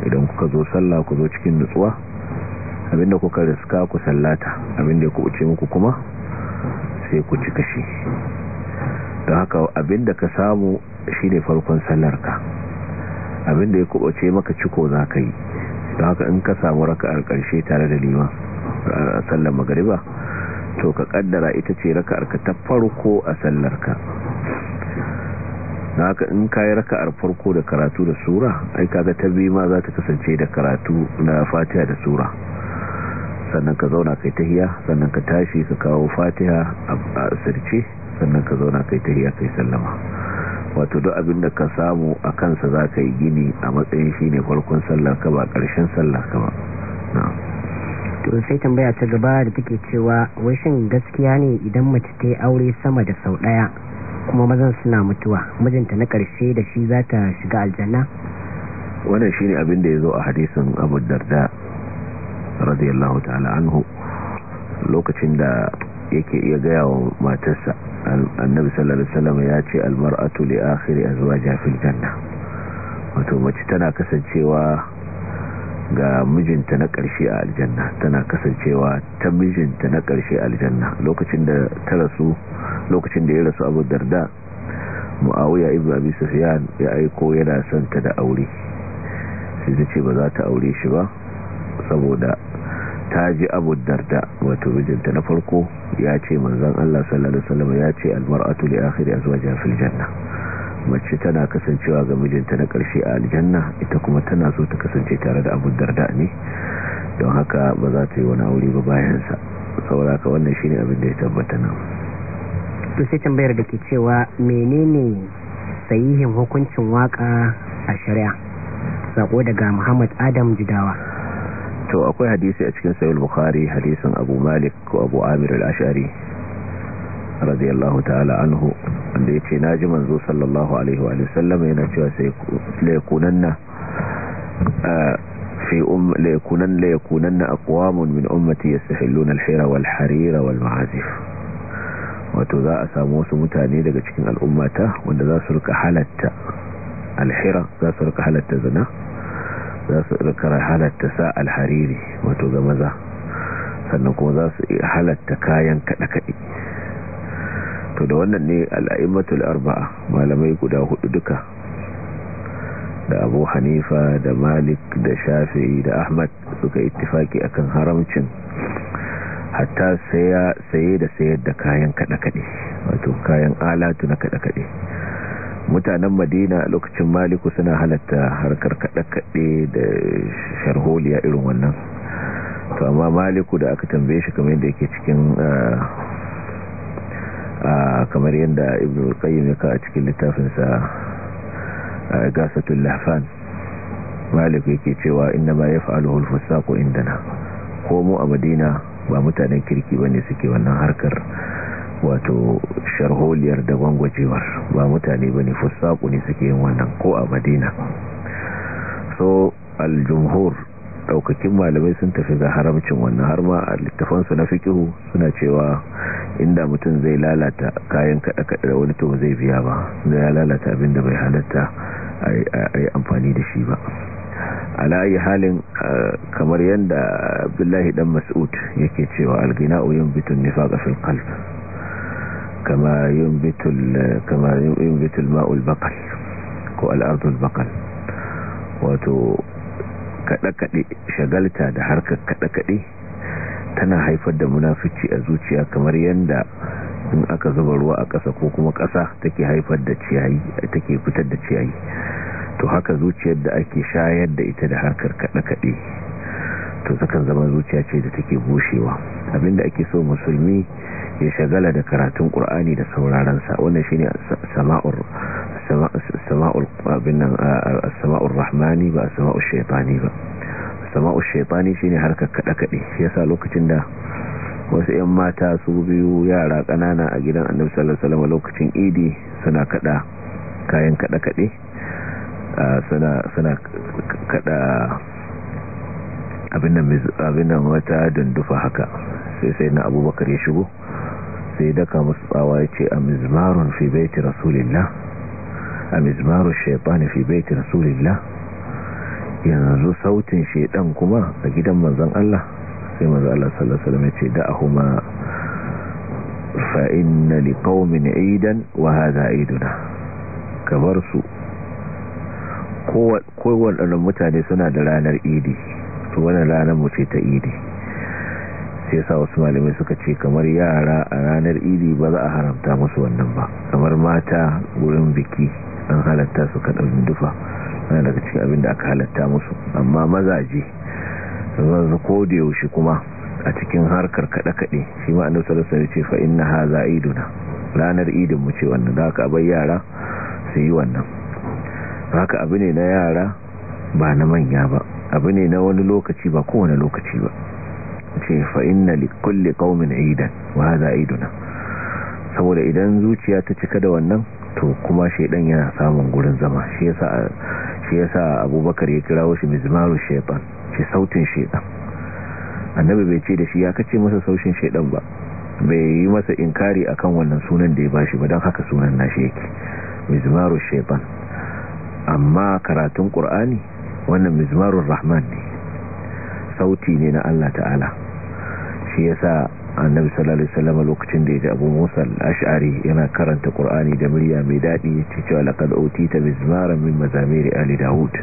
idan kuka zo sallah ku zo cikin nutsuwa abinda kuka riska ku sallata abinda ku uce muku kuma sai ku cika kashi. don haka abinda ka samu shine farkon sallar sallarka abinda ya kubace maka ciko za ka yi don haka in ka samu raka'ar karshe tare da liman a sallar magariba to ka kaddara ita ce raka'ar ka ta farko a sallarka don haka in ka yi raka'ar farko da karatu da sura ai kaga ta biyu ma za ta kasance da karatu na fatiha da sura sannan ka zauna kai tahiya sannan ka tashi ka kawo fatiha a sirce sannan ka zauna kai tahiya kai sallama wato duk abin da ka samu a kansa za ka yi gini a matsayin shi ne farkon sallar ka ba ƙarshen sallar ka ba to sai tambaya ta gaba da take cewa shin gaskiya ne idan mace ta aure sama da sau ɗaya kuma mazan suna mutuwa mijinta na ƙarshe da shi za ta shiga aljanna wannan shine abin da ya zo a hadisin abu darda radiyallahu ta'ala anhu lokacin da yake iya gaya wa matarsa annabi sallallahu alaihi wasallam ya ce almar'atu li akhiri azwajiha fil janna wato mace tana kasancewa ga mijinta na ƙarshe a aljanna tana kasancewa ta mijinta na ƙarshe a aljanna lokacin da ta rasu lokacin da ya rasu Abu Darda Muawiya ibn Abi Sufyan ya aiko yana son ta da aure sai ta ce ba za ta aure shi ba saboda ta ji abu darda wato mijinta na farko ya ce manzan Allah sallallahu alaihi wasallam ya ce almar'atu li akhiri azwajiha fil janna mace tana kasancewa ga mijinta na karshe a aljanna ita kuma tana so ta kasance tare da abu darda ne don haka ba za ta yi wani aure ba bayan sa saboda ka wannan shine abin da ya tabbata nan to sai tambayar da ke cewa menene sahihin hukuncin waka a shari'a sako daga Muhammad Adam Jidawa to akwai hadisi a cikin sayul bukhari hadisin abu malik ko abu amir al-ashari radiyallahu ta'ala anhu wanda ya ce na ji manzo sallallahu alaihi wa sallam yana cewa sai laikunanna fi um laikunan laikunanna aqwamun min ummati yastahilluna al-hira wal harira wal ma'azif wato za a samu wasu mutane daga cikin al'ummata wanda za su rika halatta alhira za su rika halatta zina za su ɗaukar halatta sa alhariri wato ga maza sannan kuma za su halatta kayan kaɗe-kaɗe to da wannan ne al'aimatul arba'a malamai guda hudu duka da abu hanifa da malik da shafi da ahmad suka ittifaki akan haramcin hatta saye da sayar da kayan kaɗe-kaɗe wato kayan alatu na kaɗe-kaɗe mutanen madina a lokacin maliku suna halatta harkar kaɗe-kaɗe da sharholiya irin wannan to amma maliku da aka tambaye shi kamar yadda yake cikin kamar yadda ibn qayyim ka a cikin littafinsa gasatul lahfan maliku yake cewa inna ma yaf'aluhu al-fusaqu indana ko mu a madina ba mutanen kirki bane suke wannan harkar wato sharholiyar da gwangwajewar ba mutane ba ne fusaku ne suke yin wannan ko a madina so aljumhur daukakin malamai sun tafi ga haramcin wannan har ma a littafansu na fikihu suna cewa inda mutum zai lalata kayan kaɗa-kaɗa wani to zai biya ba zai ya lalata abin da bai halatta a yi amfani da shi ba alayi halin kamar yadda abdullahi dan mas'ud yake cewa algina uyin bitun nifa ga filkal. kama yumbitul kama ma'ul ko al'ardul bakal wato kaɗe-kaɗe shagalta da harkar kaɗe-kaɗe tana haifar da munafici a zuciya kamar yadda in aka zuba ruwa a ƙasa ko kuma ƙasa take haifar da ciyayi take fitar da ciyayi to haka zuciyar da ake shayar da ita da harkar kaɗe-kaɗe to sukan zama zuciya ce da take bushewa abinda ake so musulmi ya shagala da karatun ƙur'ani da saurarensa wannan shine sama'ur rahmani ba a sama'ur rahmani ba samaur shaytani ba sama'ul shine harkar kaɗe-kaɗe ya yasa lokacin da wasu 'yan mata su biyu yara ƙanana a gidan annabi salasalam a lokacin idi suna kaɗa kayan kaɗa-kaɗe suna abin nan wata dundufa haka sai sai na abubakar ya shigo sai daka musu tsawa ya ce a mizmarun fi baiti rasulillah a mizmarun shaifani fi baiti rasulillah yanzu sautin shaidan kuma a gidan manzan Allah sai manzan Allah sallallahu alaihi ce da ahuma fa inna liqaumin idan wa hadha iduna kabar su kowanne mutane suna da ranar idi to wani ranar mu ce ta idi sai sa wasu malamai suka ce kamar yara a ranar idi ba za a haramta musu wannan ba kamar mata wurin biki an halatta su kaɗan dufa ana daga cikin abin da aka halatta musu amma mazaje su ko da yaushe kuma a cikin harkar kaɗe-kaɗe shi ma annabta da alaihi ce fa ha haza iduna ranar idin mu ce wannan za ka bar yara su yi wannan haka abu ne na yara ba na manya ba abu ne na wani lokaci ba kowane lokaci ba ce fa inna li kulli qaumin idan wa hadha iduna saboda idan zuciya ta cika da wannan to kuma shaidan yana samun gurin zama shi yasa shi abubakar ya kirawo shi mizmaru shaytan shi sautin annabi bai ce da shi ya kace masa saushin shaidan ba bai yi masa inkari akan wannan sunan da ya bashi ba don haka sunan na nashi yake mizmaru shaytan amma karatun qur'ani wannan mizmarur rahman ne sauti ne na Allah ta'ala shi sa annabi sallallahu alaihi wasallam lokacin da ji Abu Musa al-Ash'ari yana karanta Qur'ani da murya mai dadi yace cewa laqad utita mizmaran min mazamiri ali da'ud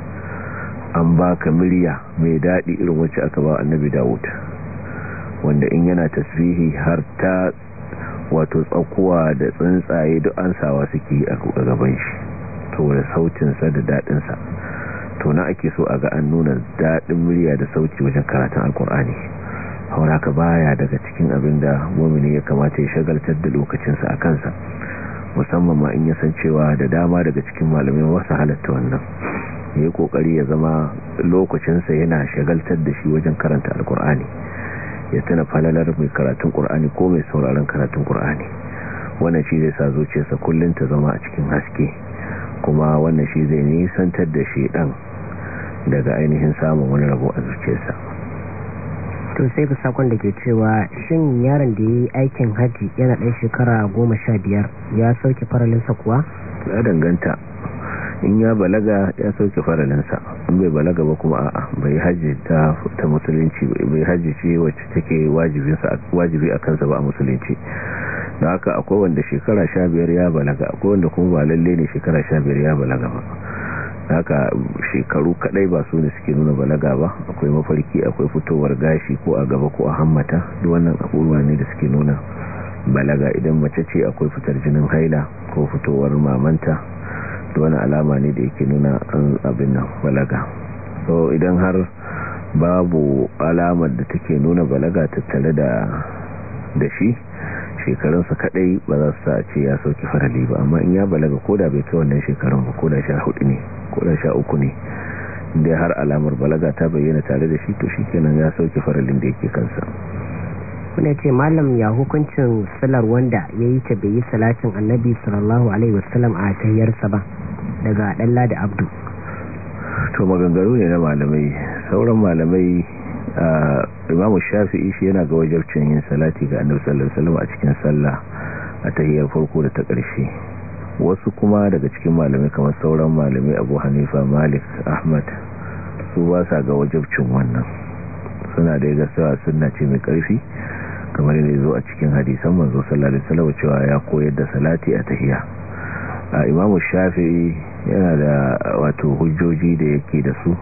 an baka murya mai dadi irin wacce aka ba annabi da'ud wanda in yana tasbihi har ta wato tsakuwa da tsuntsaye duk an sawa suke a gaban shi to da sautin sa da dadin sa to na ake so a ga an nuna dadin murya da sauti wajen karatun alkur'ani haura ka baya daga cikin abin da mumini ya kamata ya shagaltar da lokacinsa a kansa musamman ma in san cewa da dama daga cikin malamai wasu halatta wannan ya yi kokari ya zama lokacinsa yana shagaltar da shi wajen karanta alkur'ani ya tana falalar mai karatun kur'ani ko mai sauraron karatun kur'ani wannan shi zai sa zuciyarsa kullum ta zama a cikin haske kuma wannan shi zai nisantar da shi dan daga ainihin samun wani rabo a zuciyarsa to sai ga sakon da ke cewa shin yaron da ya yi aikin hajji yana ɗan shekara goma sha biyar ya sauke faralinsa kuwa? ya danganta in ya balaga ya sauke faralinsa in bai balaga ba kuma a'a bai haji ta musulunci bai hajji ce wacce take wajibi a kansa ba a musulunci da haka akwai wanda shekara sha biyar ya balaga akwai wanda kuma ba lalle ne shekara sha biyar ya balaga ba haka shekaru kadai ba su ne suke nuna balaga ba akwai mafarki akwai fitowar gashi ko a gaba ko a hammata duk wannan abubuwa ne da suke nuna balaga idan mace ce akwai fitar jinin haila ko fitowar mamanta duk wani alama ne da yake nuna an abin nan balaga so idan har babu alamar da take nuna balaga tattale da da shi shekarunsa kadai ba za su sa ce ya sauki farali ba amma in ya balaga koda bai kai wannan shekarun ba koda sha hudu ne koda sha uku ne inda har alamar balaga ta bayyana tare da shi to shi kenan ya sauki faralin da yake kansa kuna ce malam ya hukuncin salar wanda ya yi ta bai yi salatin annabi sallallahu alaihi wasallam a tayyarsa ba daga dalla da abdu to maganganu ne na malamai sauran malamai imamu shafi'i shi yana ga wajabcin yin salati ga annabi sallallahu alaihi wasallam a cikin sallah a tahiyar farko da ta ƙarshe wasu kuma daga cikin malamai kamar sauran malamai abu hanifa malik ahmad su ba sa ga wajabcin wannan suna da ga sawa sunna ce mai karfi kamar yadda zo a cikin hadisan manzo sallallahu alaihi wasallam cewa ya koyar da salati a tahiya imamu shafi'i yana da wato hujjoji da yake da su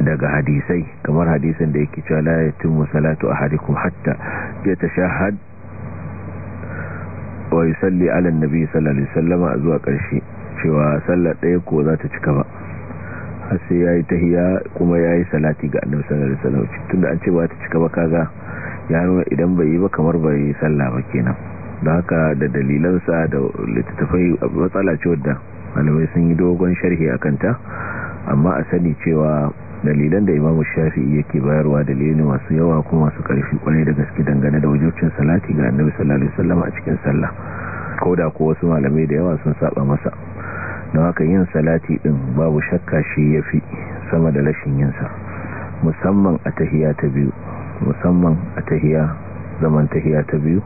daga hadisai kamar hadisin da yake cewa la yatimmu salatu ahadikum hatta yatashahhad wa yusalli ala an-nabi sallallahu alaihi wasallam zuwa karshe cewa sallar ɗaya ko za ta cika ba har sai yayi tahiya kuma yayi salati ga annabi sallallahu alaihi wasallam tunda an ce ba ta cika ba kaga ya nuna idan bai yi ba kamar bai sallah ba kenan da haka da dalilansa da littattafai matsala ce wadda malamai sun yi dogon sharhi a kanta amma a sani cewa dalilan da imamu shafi'i yake bayarwa dalilai masu yawa kuma masu karfi kwarai da gaske dangane da wajibcin salati ga annabi sallallahu alaihi wasallam a cikin sallah da ko wasu malamai da yawa sun saba masa don haka yin salati din babu shakka shi yafi sama da rashin yin sa musamman a tahiya ta biyu musamman a tahiya zaman tahiya ta biyu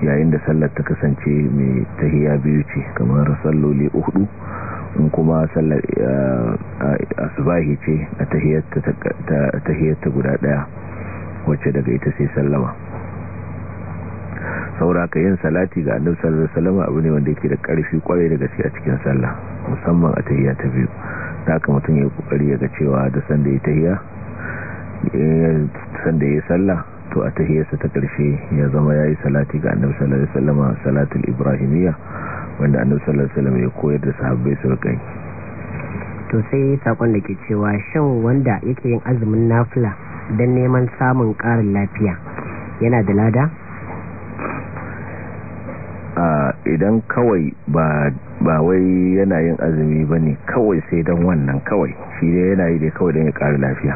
yayin da sallar ta kasance mai tahiya biyu ce kamar salloli uhudu in kuma sallar eh, asubahi ce a tahiyyarta guda daya wacce daga ita sai sallama saura sauraka yin salati ga annabi sallar abu ne wanda yake da karfi kwarai da gaske a cikin sallah musamman a tahiyya ta biyu haka mutum ya kokari ga cewa da sanda ya tahiyya sanda ya sallah to a tahiyarsa ta karshe ya zama ya yi salati ga annabi sallar alaihi salatul ibrahimiyya wanda annabi sallallahu alaihi wasallam ya koyar da sahabbai su rika yi to sai sakon da ke cewa shan wanda yake yin azumin nafila don neman samun ƙarin lafiya yana da lada idan kawai ba ba wai yana yin azumi ba ne kawai sai don wannan kawai shi dai yana yi dai kawai don ya ƙara lafiya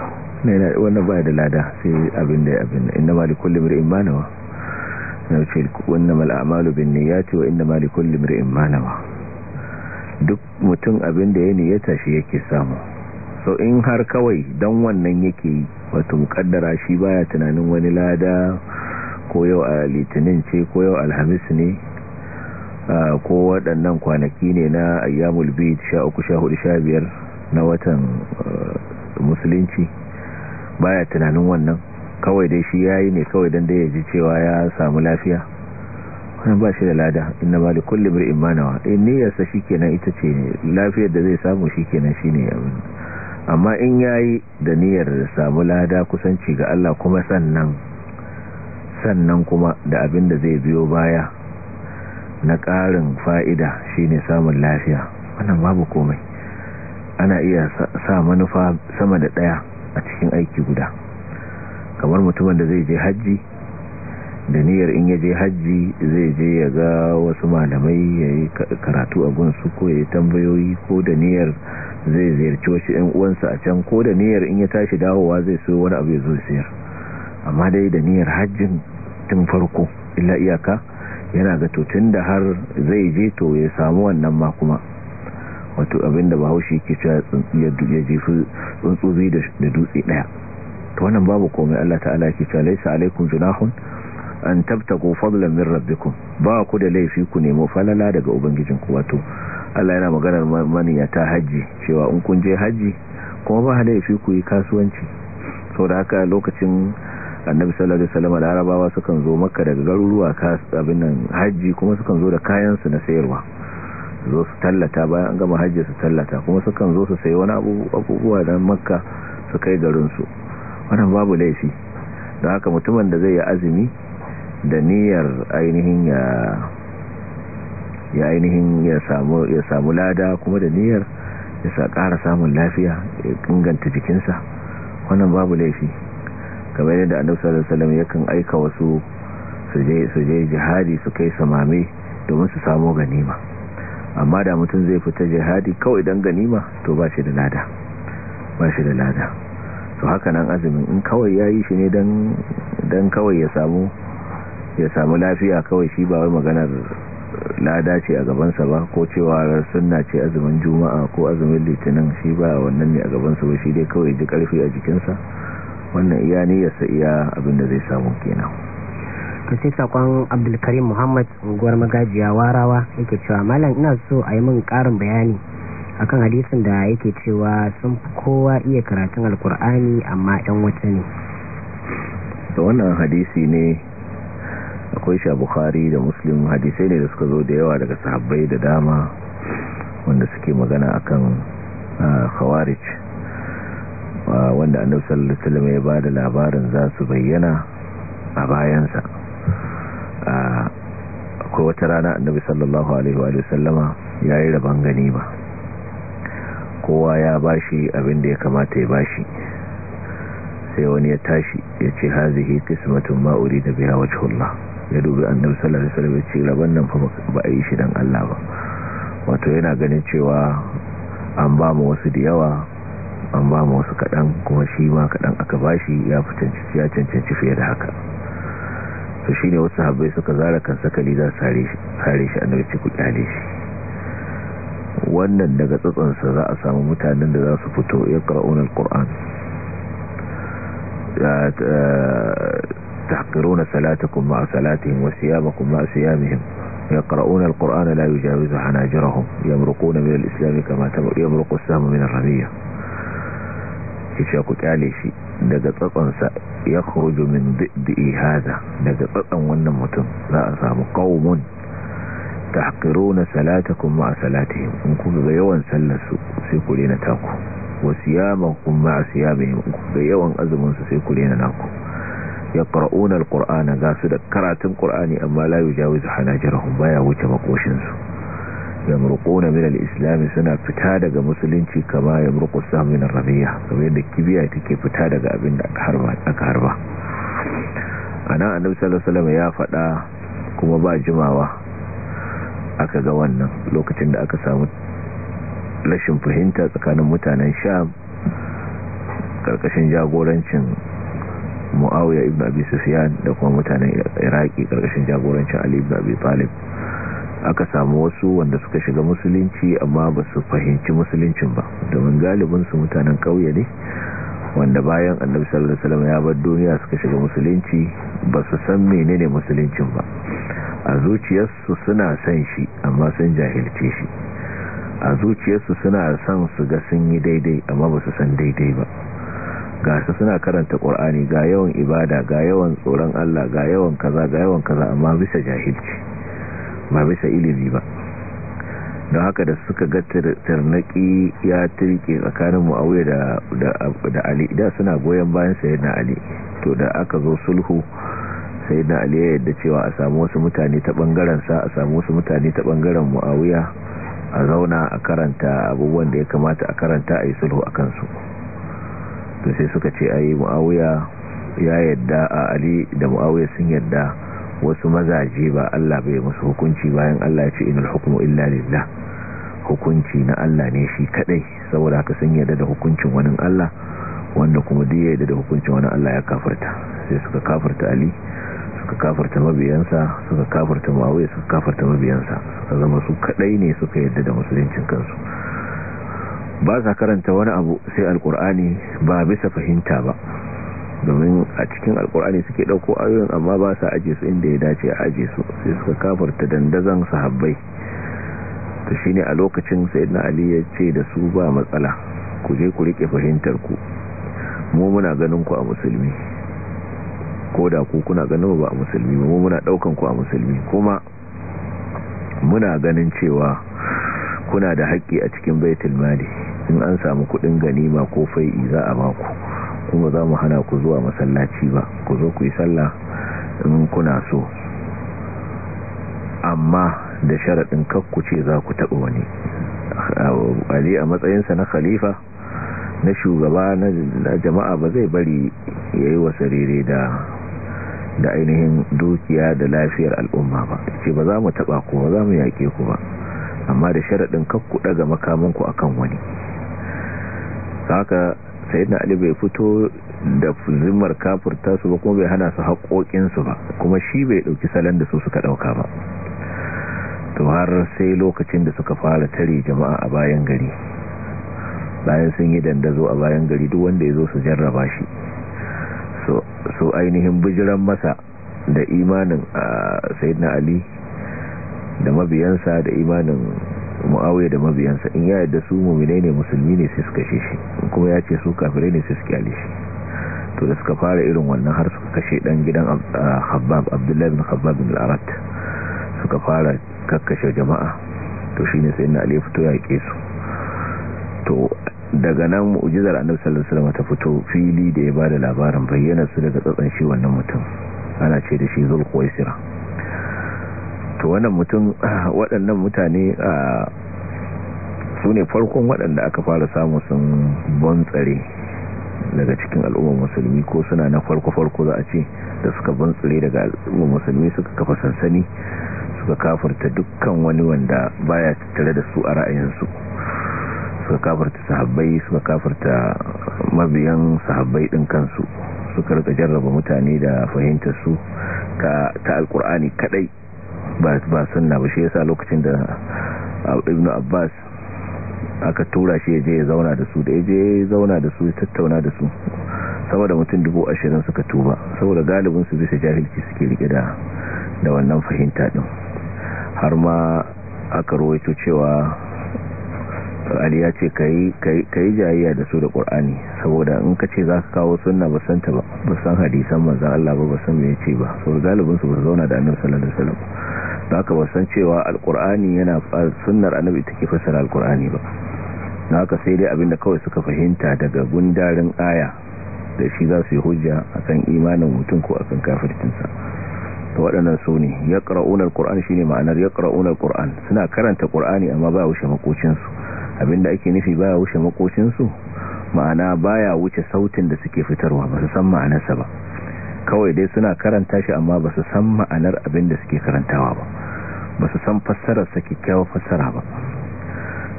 wannan ba da lada sai abin da abin inna ma da kullum ri'in ba nawa na ce wannan mal'amalu bin niyyati wa inna malikul limri'in malama duk mutum abin da ya niyyata shi yake samu so in har kawai dan wannan yake yi wato mukaddara shi baya tunanin wani lada ko yau a litinin ce ko yau alhamis ne ko waɗannan kwanaki ne na ayyamul bid 13 biyar na watan eh, musulunci baya tunanin wannan kawai dai shi ya yi ne kawai don dai ya ji cewa ya samu lafiya wani ba shi da lada inna ba da kulle bir imanawa in eh, niyyarsa shi kenan ita ce lafiyar da zai samu shi kenan shi ne abin amma in ya yi da niyar da samu lada kusanci ga Allah kuma sannan sannan kuma da abin da zai biyo baya na karin fa'ida shi samun lafiya wannan babu komai ana iya sa manufa sama da daya a cikin aiki guda kamar mutumin da zai je hajji da niyyar in yaje hajji zai je ya ga wasu malamai ya yi karatu a gunsu ko ya yi tambayoyi ko da niyyar zai ziyarci wasu ‘yan uwansa a can ko da niyyar in ya tashi dawowa zai so wani abu ya zo siyar amma dai da niyyar hajjin tun farko illa iyaka yana ga tutun da har zai je to ya samu wannan ma kuma wato abinda bahaushe ke cewa ya jefi tsuntsuzi da dutse ɗaya. to wannan babu komai Allah ta'ala yake cewa laysa alaikum junahun an tabtaku fadlan min rabbikum ba ku da laifi ku nemo falala daga ubangijin ku wato Allah yana maganar ta haji cewa in kun je haji kuma ba laifi ku yi kasuwanci sau da haka lokacin annabi sallallahu alaihi wasallam larabawa sukan zo makka daga garuruwa abin nan haji kuma sukan zo da kayan su na sayarwa zo su tallata bayan an gama hajji su tallata kuma sukan zo su sayi wani abubuwa dan makka su kai garin su wannan babu laifi don haka mutumin da zai yi azumi da niyyar ainihin ya ya ainihin ya samu lada kuma da niyyar ya sa ƙara samun lafiya ya inganta jikinsa wannan babu laifi kamar yadda annabi sallallahu alaihi wasallam yakan aika wasu su je jihadi su kai samame domin su samu ganima amma da mutum zai fita jihadi kawai don ganima to ba shi da lada ba shi da lada to haka nan azumin in kawai ya yi shi ne don kawai ya samu lafiya kawai shi ba wai maganar lada ce a gabansa ba ko cewa suna ce azumin juma'a ko azumin litinin shi ba wannan ne a gabansa ba shi dai kawai ji karfi a jikinsa wannan iya sa iya abin da zai samu kenan to sai sakon abdulkarim muhammad unguwar magajiya warawa yake cewa malam ina so a yi min karin bayani akan hadisin da yake cewa sun kowa iya karatun alkur'ani amma ɗan wata ne da wannan hadisi ne akwai sha bukhari da muslim hadisai ne da suka zo da yawa daga sahabbai da dama wanda suke magana akan khawarij wanda annabi sallallahu alaihi wasallam ya bada labarin za su bayyana a bayansa akwai wata rana annabi sallallahu alaihi wa sallama yayi rabon gani ba kowa ya bashi abin da ya kamata ya bashi sai wani ya tashi ya ce hazihi ma'uri da biya wacce hula ya dubi annabi sallallahu alaihi wasallam ya ce laban nan ba a yi shi dan Allah ba wato yana ganin cewa an ba mu wasu da yawa an ba mu wasu kadan kuma shi ma kaɗan aka bashi ya fitanci ya cancanci fiye da haka to shine wasu habbai suka zara kan sakali za su sare shi annabi ce ku kyale shi wannan daga tsatsansa za a samu mutanen da za su fito ya ƙara'unar ƙura'an تحقرون صلاتكم مع صلاتهم وصيامكم مع صيامهم يقرؤون القرآن لا يجاوز حناجرهم يمرقون من الإسلام كما يمرق السهم من الرمية ku kyale shi daga tsatsansa ya khuruju min bi'i hada daga tsatsan wannan mutum za a samu qaumun tahqiruna salatakum ma salatihim in kun ga yawan sallar su sai ku rena taku wa siyamakum ma siyamihim ga yawan azumin su sai ku rena naku yaqra'una alqur'ana za su da karatun qur'ani amma la yujawizu hanajirahum baya wuce makoshin su yamruquna min alislam suna fita daga musulunci kama yamruqu samu min arabiya kamar yadda kibiya take fita daga abin da aka harba aka harba ana annabi sallallahu alaihi wasallam ya faɗa kuma ba jimawa aka ga wannan lokacin da aka samu rashin fahimta tsakanin mutanen sha karkashin jagorancin mu'awiyar ibn abi sufyan da kuma mutanen iraki karkashin jagorancin ali ibn abi talib aka samu wasu wanda suka shiga musulunci amma ba su fahimci musuluncin ba domin galibin su mutanen kauye ne wanda bayan annabi sallallahu alaihi wasallam ya bar duniya suka shiga musulunci ba su san menene musuluncin ba a zuciyarsu suna san shi amma sun jahilce shi a zuciyarsu suna san su ga sun yi daidai amma ba su san daidai ba ga su suna karanta ƙur'ani ga yawan ibada ga yawan tsoron Allah ga yawan kaza ga yawan kaza amma bisa jahilci ba bisa ilimi ba don haka da suka ga tarnaki ya tirke tsakanin mu'awiyar da ali da suna goyon bayan sayan na ali to da aka zo sulhu sai na ali ya yadda cewa a samu wasu mutane ta bangaren sa a samu wasu mutane ta bangaren muawiya a zauna a karanta abubuwan da ya kamata a karanta a yi sulhu a kansu to sai suka ce ai muawiya ya yadda a ali da muawiya sun yadda wasu mazaje ba Allah bai musu hukunci bayan Allah ya ce inal hukmu illa lillah hukunci na Allah ne shi kadai saboda haka sun yarda da hukuncin wani Allah wanda kuma duk yarda da hukuncin wani Allah ya kafarta sai suka kafarta Ali suka kafarta mabiyansa suka kafarta mawai suka kafarta mabiyansa a zama su kadai ne suka yadda da musuluncin kansu ba sa karanta wani abu sai alkur'ani ba bisa fahimta ba domin a cikin alkur'ani suke dauko ayoyin amma ba sa aje su inda ya dace a aje su sai suka kafarta dandazan sahabbai to shine a lokacin sayyidina ali ya ce da su ba matsala ku je ku rike fahimtar ku mu muna ganin ku a musulmi ko da ku kuna ganin ba a musulmi ba muna daukan ku a musulmi kuma muna ganin cewa kuna da haƙƙi a cikin baitul mali in an samu kuɗin ganima ko fai'i za a baku kuma za mu hana ku zuwa masallaci ba ku zo ku yi sallah in kuna so amma da sharaɗin kakku ce za ku taɓa wani ali a matsayinsa na khalifa na shugaba na jama'a ba zai bari ya yi rere da da ainihin dukiya da lafiyar al'umma ba ce ba za mu taɓa ku ba za mu yaƙe ku ba amma da sharaɗin kakku ɗaga makamanku a kan wani haka sayidina ali bai fito da zimmar kafurta su ba kuma bai hana su haƙoƙinsu ba kuma shi bai ɗauki salon da su suka ɗauka ba to har sai lokacin da suka fara tare jama'a a bayan gari bayan sun yi dandazo a bayan gari duk wanda ya zo su jarraba shi su ainihin bijiran masa da imanin sayyidina ali da mabiyansa da imanin mu'awiyya da mabiyansa in ya yadda su mu'minai ne musulmi ne sai suka shi kuma ya ce su kafirai ne sai suka yale to da suka fara irin wannan har suka kashe dan gidan habab abdullahi bin habab bin al-Arat suka fara kakkashe jama'a to shine ne Ali fito ya ke su to daga nan mu'jizar annabi sallallahu alaihi wasallam ta fito fili da ya ba da labarin bayyana su daga tsatsan shi wannan mutum ana ce da shi zulqaisira to wannan mutum waɗannan mutane su ne farkon waɗanda aka fara samu sun bantsare daga cikin al'ummar musulmi ko suna na farko-farko za a ce da suka bantsare daga al'ummar musulmi suka kafa sansani suka kafarta dukkan wani wanda baya tattare da su a ra'ayinsu suka kafarta sahabbai suka kafarta mabiyan sahabbai din kansu suka rika jarraba mutane da fahimtar su ta alkur'ani kadai ba sunna ba shi yasa lokacin da ibn abbas aka tura shi je ya zauna da su da ya je ya zauna da su ya tattauna da su saboda mutum dubu ashirin suka tuba saboda galibin su bisa jahilci suke rike da da wannan fahimta din har ma aka rawaito cewa ali ya ce ka yi jayayya da su da ƙur'ani saboda in ka ce za ka kawo sunna ba ba ba hadisan manzan Allah ba ba mai ce ba so galibin su ba zauna da annabi sallallahu alaihi wasallam da haka ba san cewa alƙur'ani yana sunnar annabi take fassara alƙur'ani ba da haka sai dai abinda kawai suka fahimta daga gundarin aya da shi za su yi hujja akan imanin mutum ko akan kafircinsa to waɗannan su ne ya ƙara'unar ƙur'an shi ne ma'anar ya ƙara'unar ƙur'an suna karanta ƙur'ani amma ba wuce makocinsu abinda ake nufi baya wuce makocinsu ma'ana baya wuce sautin da suke fitarwa ba su san ma'anarsa ba kawai dai suna karanta shi amma ba su san ma'anar abin da suke karantawa ba ba su san fassararsa kyakkyawar fassara ba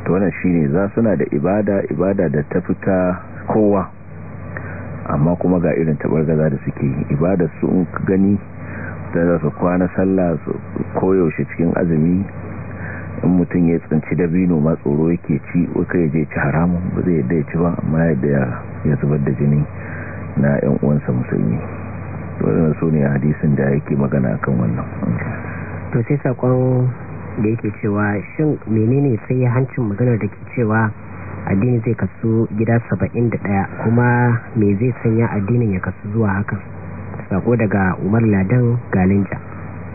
to wannan shine za suna da ibada ibada da ta fita kowa amma kuma ga irin tabargaza da suke yi ibadar su in gani da za su kwana sallah su koyaushe cikin azumi in mutum ya tsinci dabino ma tsoro yake ci waka ya je ci haramun ba zai yadda ya ci ba amma yadda ya zubar da jini na 'yan uwansa musulmi wannan su ne hadisin da yake magana kan wannan to sai sakon da yake cewa shin menene sai hancin maganar da ke cewa addini zai kasu gida saba'in da 71 kuma me zai sanya addinin ya kasu zuwa haka sako daga umar ladan galinja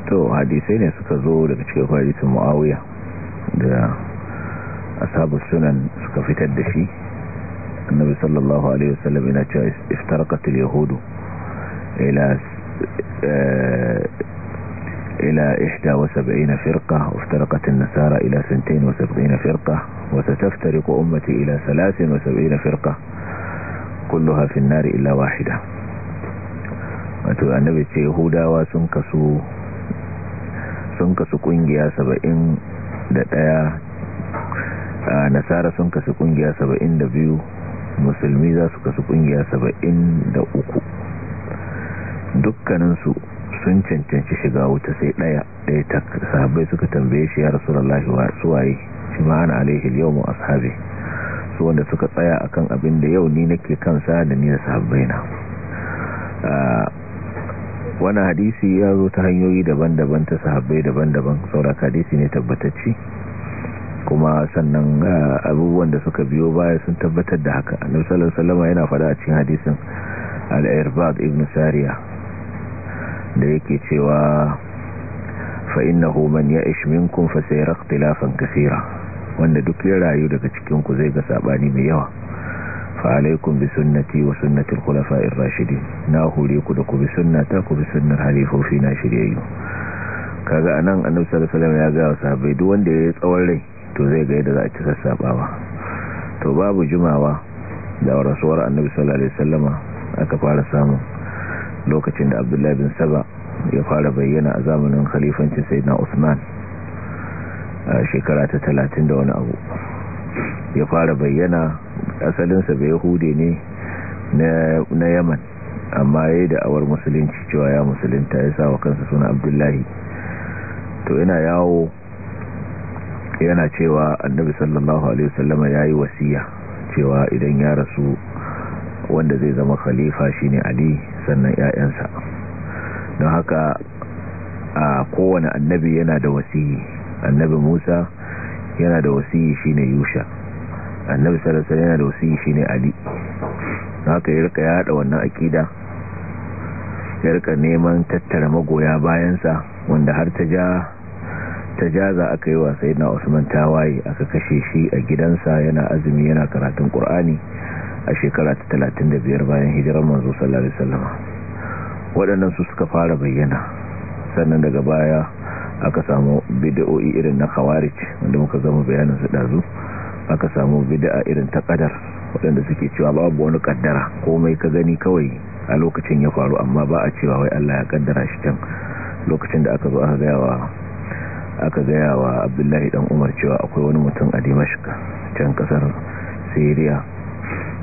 to hadisai ne suka zo daga cikin hadisin muawiya da ashabu sunan suka fitar da shi annabi sallallahu alaihi wasallam yana cewa iftaraqatil yahudu ila إلى 71 فرقة وافترقت النسارى إلى 72 فرقة وستفترق أمتي إلى 73 فرقة كلها في النار إلا واحدة wato annabi ce yahudawa sun kasu sun kasu kungiya saba'in da ɗaya nasara sun kasu kungiya saba'in da biyu musulmi za su kasu kungiya saba'in da uku dukkaninsu sun cancanci shiga wuta sai ɗaya daya ta sahabai suka tambaye shi ya rasu lallahi wa suwaye shi ma'ana alaihi yau mu ashabi su wanda suka tsaya akan abin da yau ni nake kansa da ni da sahabbai na wani hadisi ya zo ta hanyoyi daban-daban ta sahabbai daban-daban sauraka hadisi ne tabbatacci kuma sannan abubuwan da suka biyo baya sun tabbatar da haka annabi sallallahu alaihi wasallam yana faɗa a cikin hadisin al-irbad ibn sariya da yake cewa fa innahu man ya'ish minkum fa sayara ikhtilafan kaseera wanda duk ya rayu daga cikin ku zai ga sabani mai yawa alaikum bi sunnati wa sunnatil khulafa'ir rashidin na hore ku da ku bi sunnata ku bi sunnar halifofi na shiryayyu kaga anan annabi sallallahu alaihi wasallam ya ga sahabbai duk wanda ya yi tsawon rai to zai ga yadda za a ci sassabawa to babu jimawa da rasuwar annabi sallallahu aka fara samun lokacin da abdullahi bin saba ya fara bayyana a zamanin khalifancin sayyidina usman a shekara ta talatin da wani abu ya fara bayyana asalinsa bai yahude ne na yaman amma ya yi da'awar musulunci cewa ya musulunta ya sa wa kansa suna abdullahi to yana yawo yana cewa annabi sallallahu alaihi wasallama ya yi wasiya cewa idan ya rasu wanda zai zama khalifa shine ali sannan 'ya'yansa don haka a kowane annabi yana da wasiyi annabi musa yana da wasiyi shine yusha annabi sallallahu yana da wasiyi shine ali haka ya rika yada wannan akida ya rika neman tattara magoya bayansa wanda har ta ja ta jaza aka yi wa sayyidina Usman tawaye aka kashe shi a gidansa yana azumi yana karatun Qur'ani a shekara ta talatin da biyar bayan hijirar manzo sallallahu alaihi wasallam waɗannan su suka fara bayyana sannan daga baya aka samu bid'o'i irin na khawarij wanda muka zama bayanin su dazu aka samu bid'a irin ta kadar waɗanda suke cewa babu wani kaddara komai ka gani kawai a lokacin ya faru amma ba a cewa wai Allah ya kaddara shi can lokacin da aka zo aka ga aka gaya wa abdullahi dan umar cewa akwai wani mutum a dimashka can kasar syria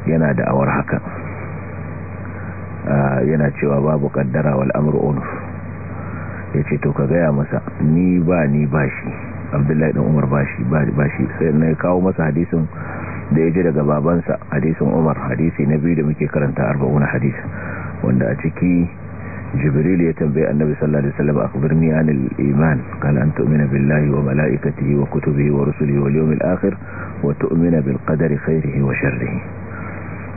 yana da awar haka ah, yana cewa babu kaddara wal amru unuf ya ce to ka gaya masa ni ba ni ba shi abdullahi ɗan umar ba shi ba shi sai na kawo masa hadisin da ya ji daga babansa hadisin umar hadisi na biyu da muke karanta arba'una hadis wanda a ciki jibril ya tambaye annabi sallallahu alaihi wasallam akhbirni anil iman qala an tu'mina billahi wa malaikatihi wa kutubihi wa rusulihi wal yawmil akhir wa tu'mina bil qadari khairihi wa sharrihi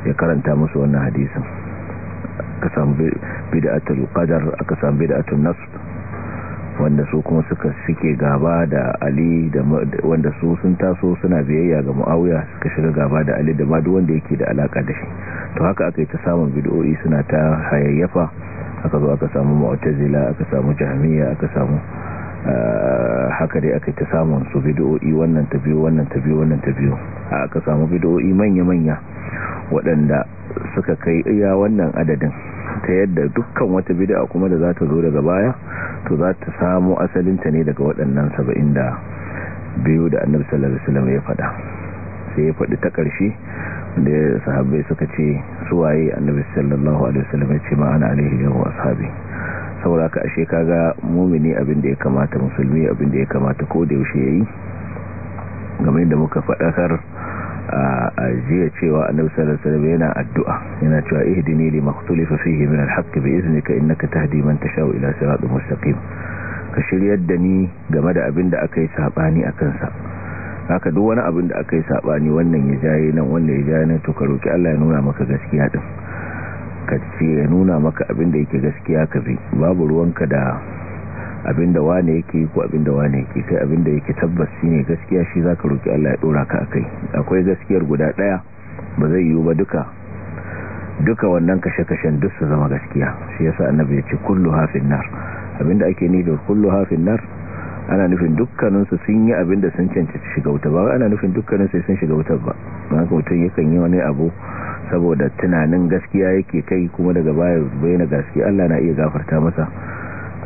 ya karanta musu wannan hadisin aka samu bid'atul qadar aka nasb wanda su kuma suka suke gaba da ali da wanda su sun taso suna biyayya ga muawiya suka shiga gaba da ali da ma duk wanda yake da alaka da shi to haka aka yi ta samun bid'o'i suna ta hayayyafa aka zo aka samu mu'tazila aka samu jahmiya aka samu haka dai aka ta samun su bidiyo'i wannan ta biyu wannan ta biyu wannan ta biyu aka samu bidiyo'i manya-manya waɗanda suka kai iya wannan adadin ta yadda dukkan wata bid'a kuma da za ta zo daga baya to za ta samu asalinta ne daga waɗannan saba'in da biyu da annabi salarisulam ya faɗa sai ya faɗi ta ƙarshe da sahabbai suka ce suwaye annabi sallallahu alaihi wasallam ya ce ma ana alaihi wa ashabi saboda ka ashe kaga mumini abin da ya kamata musulmi abin da ya kamata ko da yaushe yayi game da muka faɗakar a jiya cewa annabi sallallahu alaihi wasallam yana addu'a yana cewa ihdini li maqtulifa fihi min al-haqq bi iznika innaka tahdi man tashau ila siratin mustaqim ka shiryar da ni game da abin da aka yi sabani akan sa haka duk wani abin da aka yi sabani wannan ya jaye nan wannan ya jaye nan to ka roki Allah ya nuna maka gaskiya din ka ce ya nuna maka abin da yake gaskiya ka bi babu ruwanka da abin da wane yake ko abin da wane yake kai abin da yake tabbas shine gaskiya shi zaka roki Allah ya dora ka akai akwai gaskiyar guda daya ba zai yiwu ba duka duka wannan kashe-kashen duk su zama gaskiya shi yasa annabi ya ce kullu hafin nar da ake nufi da kullu hafin nar ana nufin dukkaninsu sun yi abin da sun cancanci shiga wuta ba ana nufin dukkanin su sun shiga wuta ba ba haka mutum yakan yi wani abu saboda tunanin gaskiya yake kai kuma daga baya bayyana gaskiya Allah na iya gafarta masa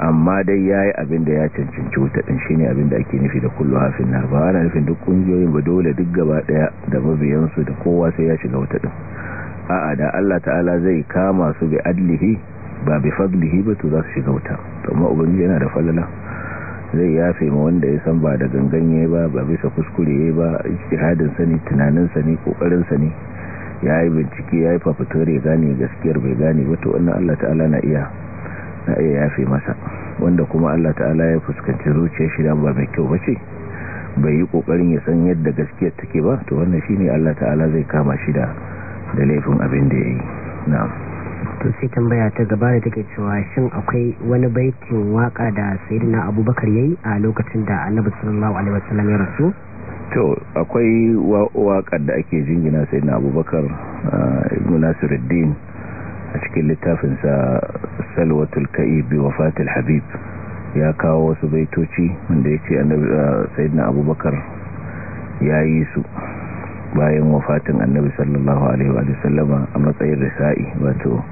amma dai yayi abin da ya cancanci wuta din shine abin da ake nufi da kullu hafin na ba ana nufin duk kungiyoyin ba dole duk gaba daya da mabiyan su da kowa sai ya shiga wuta din a'a da Allah ta'ala zai kama su bi adlihi ba bi fadlihi ba to za su shiga wuta amma ubangiji yana da falala zai yafe ma wanda ya san ba da ganganye ba ba bisa kuskure ba ijtihadin sani tunanin sani kokarin ne. ya yi bincike ya yi ya gane gaskiyar bai gane ba to wannan Allah ta'ala na iya na iya yafe masa wanda kuma Allah ta'ala ya fuskanci zuciya shi da ba mai kyau ba ce bai yi kokarin ya san yadda gaskiyar take ba to wannan ne Allah ta'ala zai kama shi da da laifin abin da yayi na'am to sai tambaya ta gaba da take cewa shin akwai wani baitin waka da sayyidina Abubakar yayi a lokacin da Annabi sallallahu alaihi wasallam ya rasu to akwai waƙar da ake jingina sai na abubakar eh, ibn nasiruddin a cikin littafinsa salwatul ka'ibi wa fatil habib ya kawo wasu baitoci wanda ya ce eh, sayidina abubakar ya yi su bayan wafatin annabi sallallahu alaihi wa sallama a matsayin risa'i wato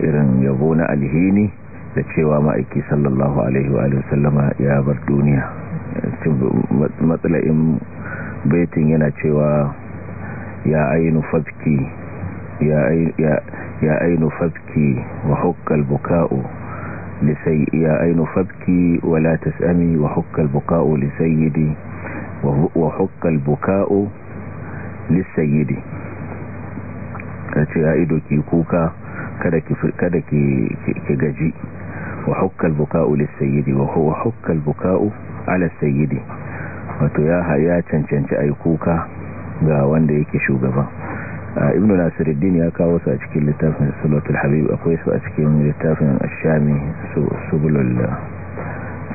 irin yabo na alhini da cewa ma'aiki sallallahu alaihi wa sallama ya bar duniya matsala'in baitin yana cewa ya ainu fafki ya ainu wa hukkal buka'u ya ainu wa la tasami wa hukkal buka'u lisayidi wa hukkal buka'u lisayidi ya ce ya ido ki kuka kada ki gaji wa البكاء buka'u وهو wa البكاء على buka'u ala sayyidi wato ya cancanci ai kuka ga wanda yake shugaban ibn nasiruddin ya kawo su a cikin littafin salatul habib akwai su a cikin littafin ashami subulul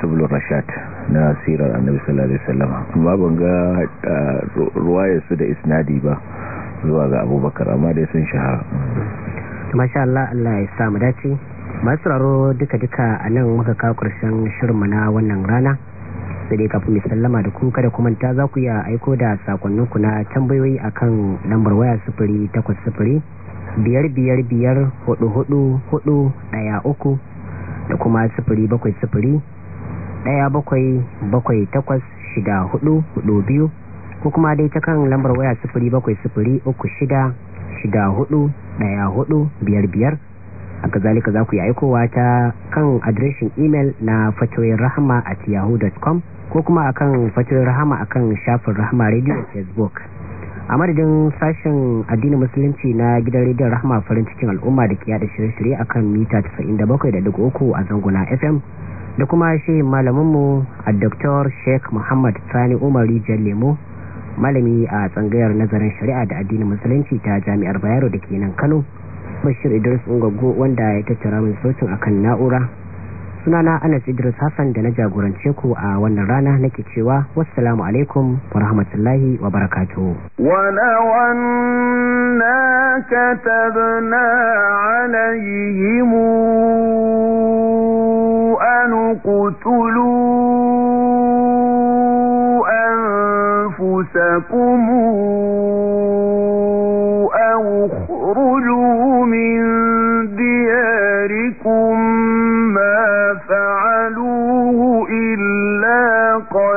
subul rashat na sirar annabi sallallahu alaihi wasallam amma ban ga ruwayar su da isnadi ba zuwa ga abubakar amma dai sun shahara masha Allah Allah ya samu dace masu raro duka-duka a nan maka kawo ƙarshen shirinmu na wannan rana sai dai kafin mai sallama da ku kada kuma ta za ku iya aiko da sakonninku na tambayoyi a kan lambar waya sufuri takwas sufuri biyar biyar biyar hudu hudu hudu daya uku da kuma sufuri bakwai sufuri daya bakwai bakwai takwas shida hudu hudu biyu ko kuma dai ta kan lambar waya sufuri bakwai sufuri uku shida shida hudu daya hudu biyar biyar haka zalika za ku yi aikowa ta kan adireshin imel na fatoyin rahama a yahoo.com ko kuma a kan fatoyin rahama a kan shafin rahama radio facebook a madadin sashen addinin musulunci na gidan rediyon rahama farin cikin al'umma da ke yada shirye-shirye kan mita 97.3 a zanguna fm da kuma shi malaminmu a dr sheik muhammad sani umar rijiyar lemo malami a tsangayar nazarin shari'a da addinin musulunci ta jami'ar bayero da ke nan kano bashir idris ungwaggo wanda ya tattara min sautin akan na'ura sunana anas idris hassan da na jagorance ku a wannan rana nake cewa wassalamu alaikum wa rahmatullahi wa barakatuh wa أنا كتبنا عليهم an qutulu anfusakum أو اخرجوا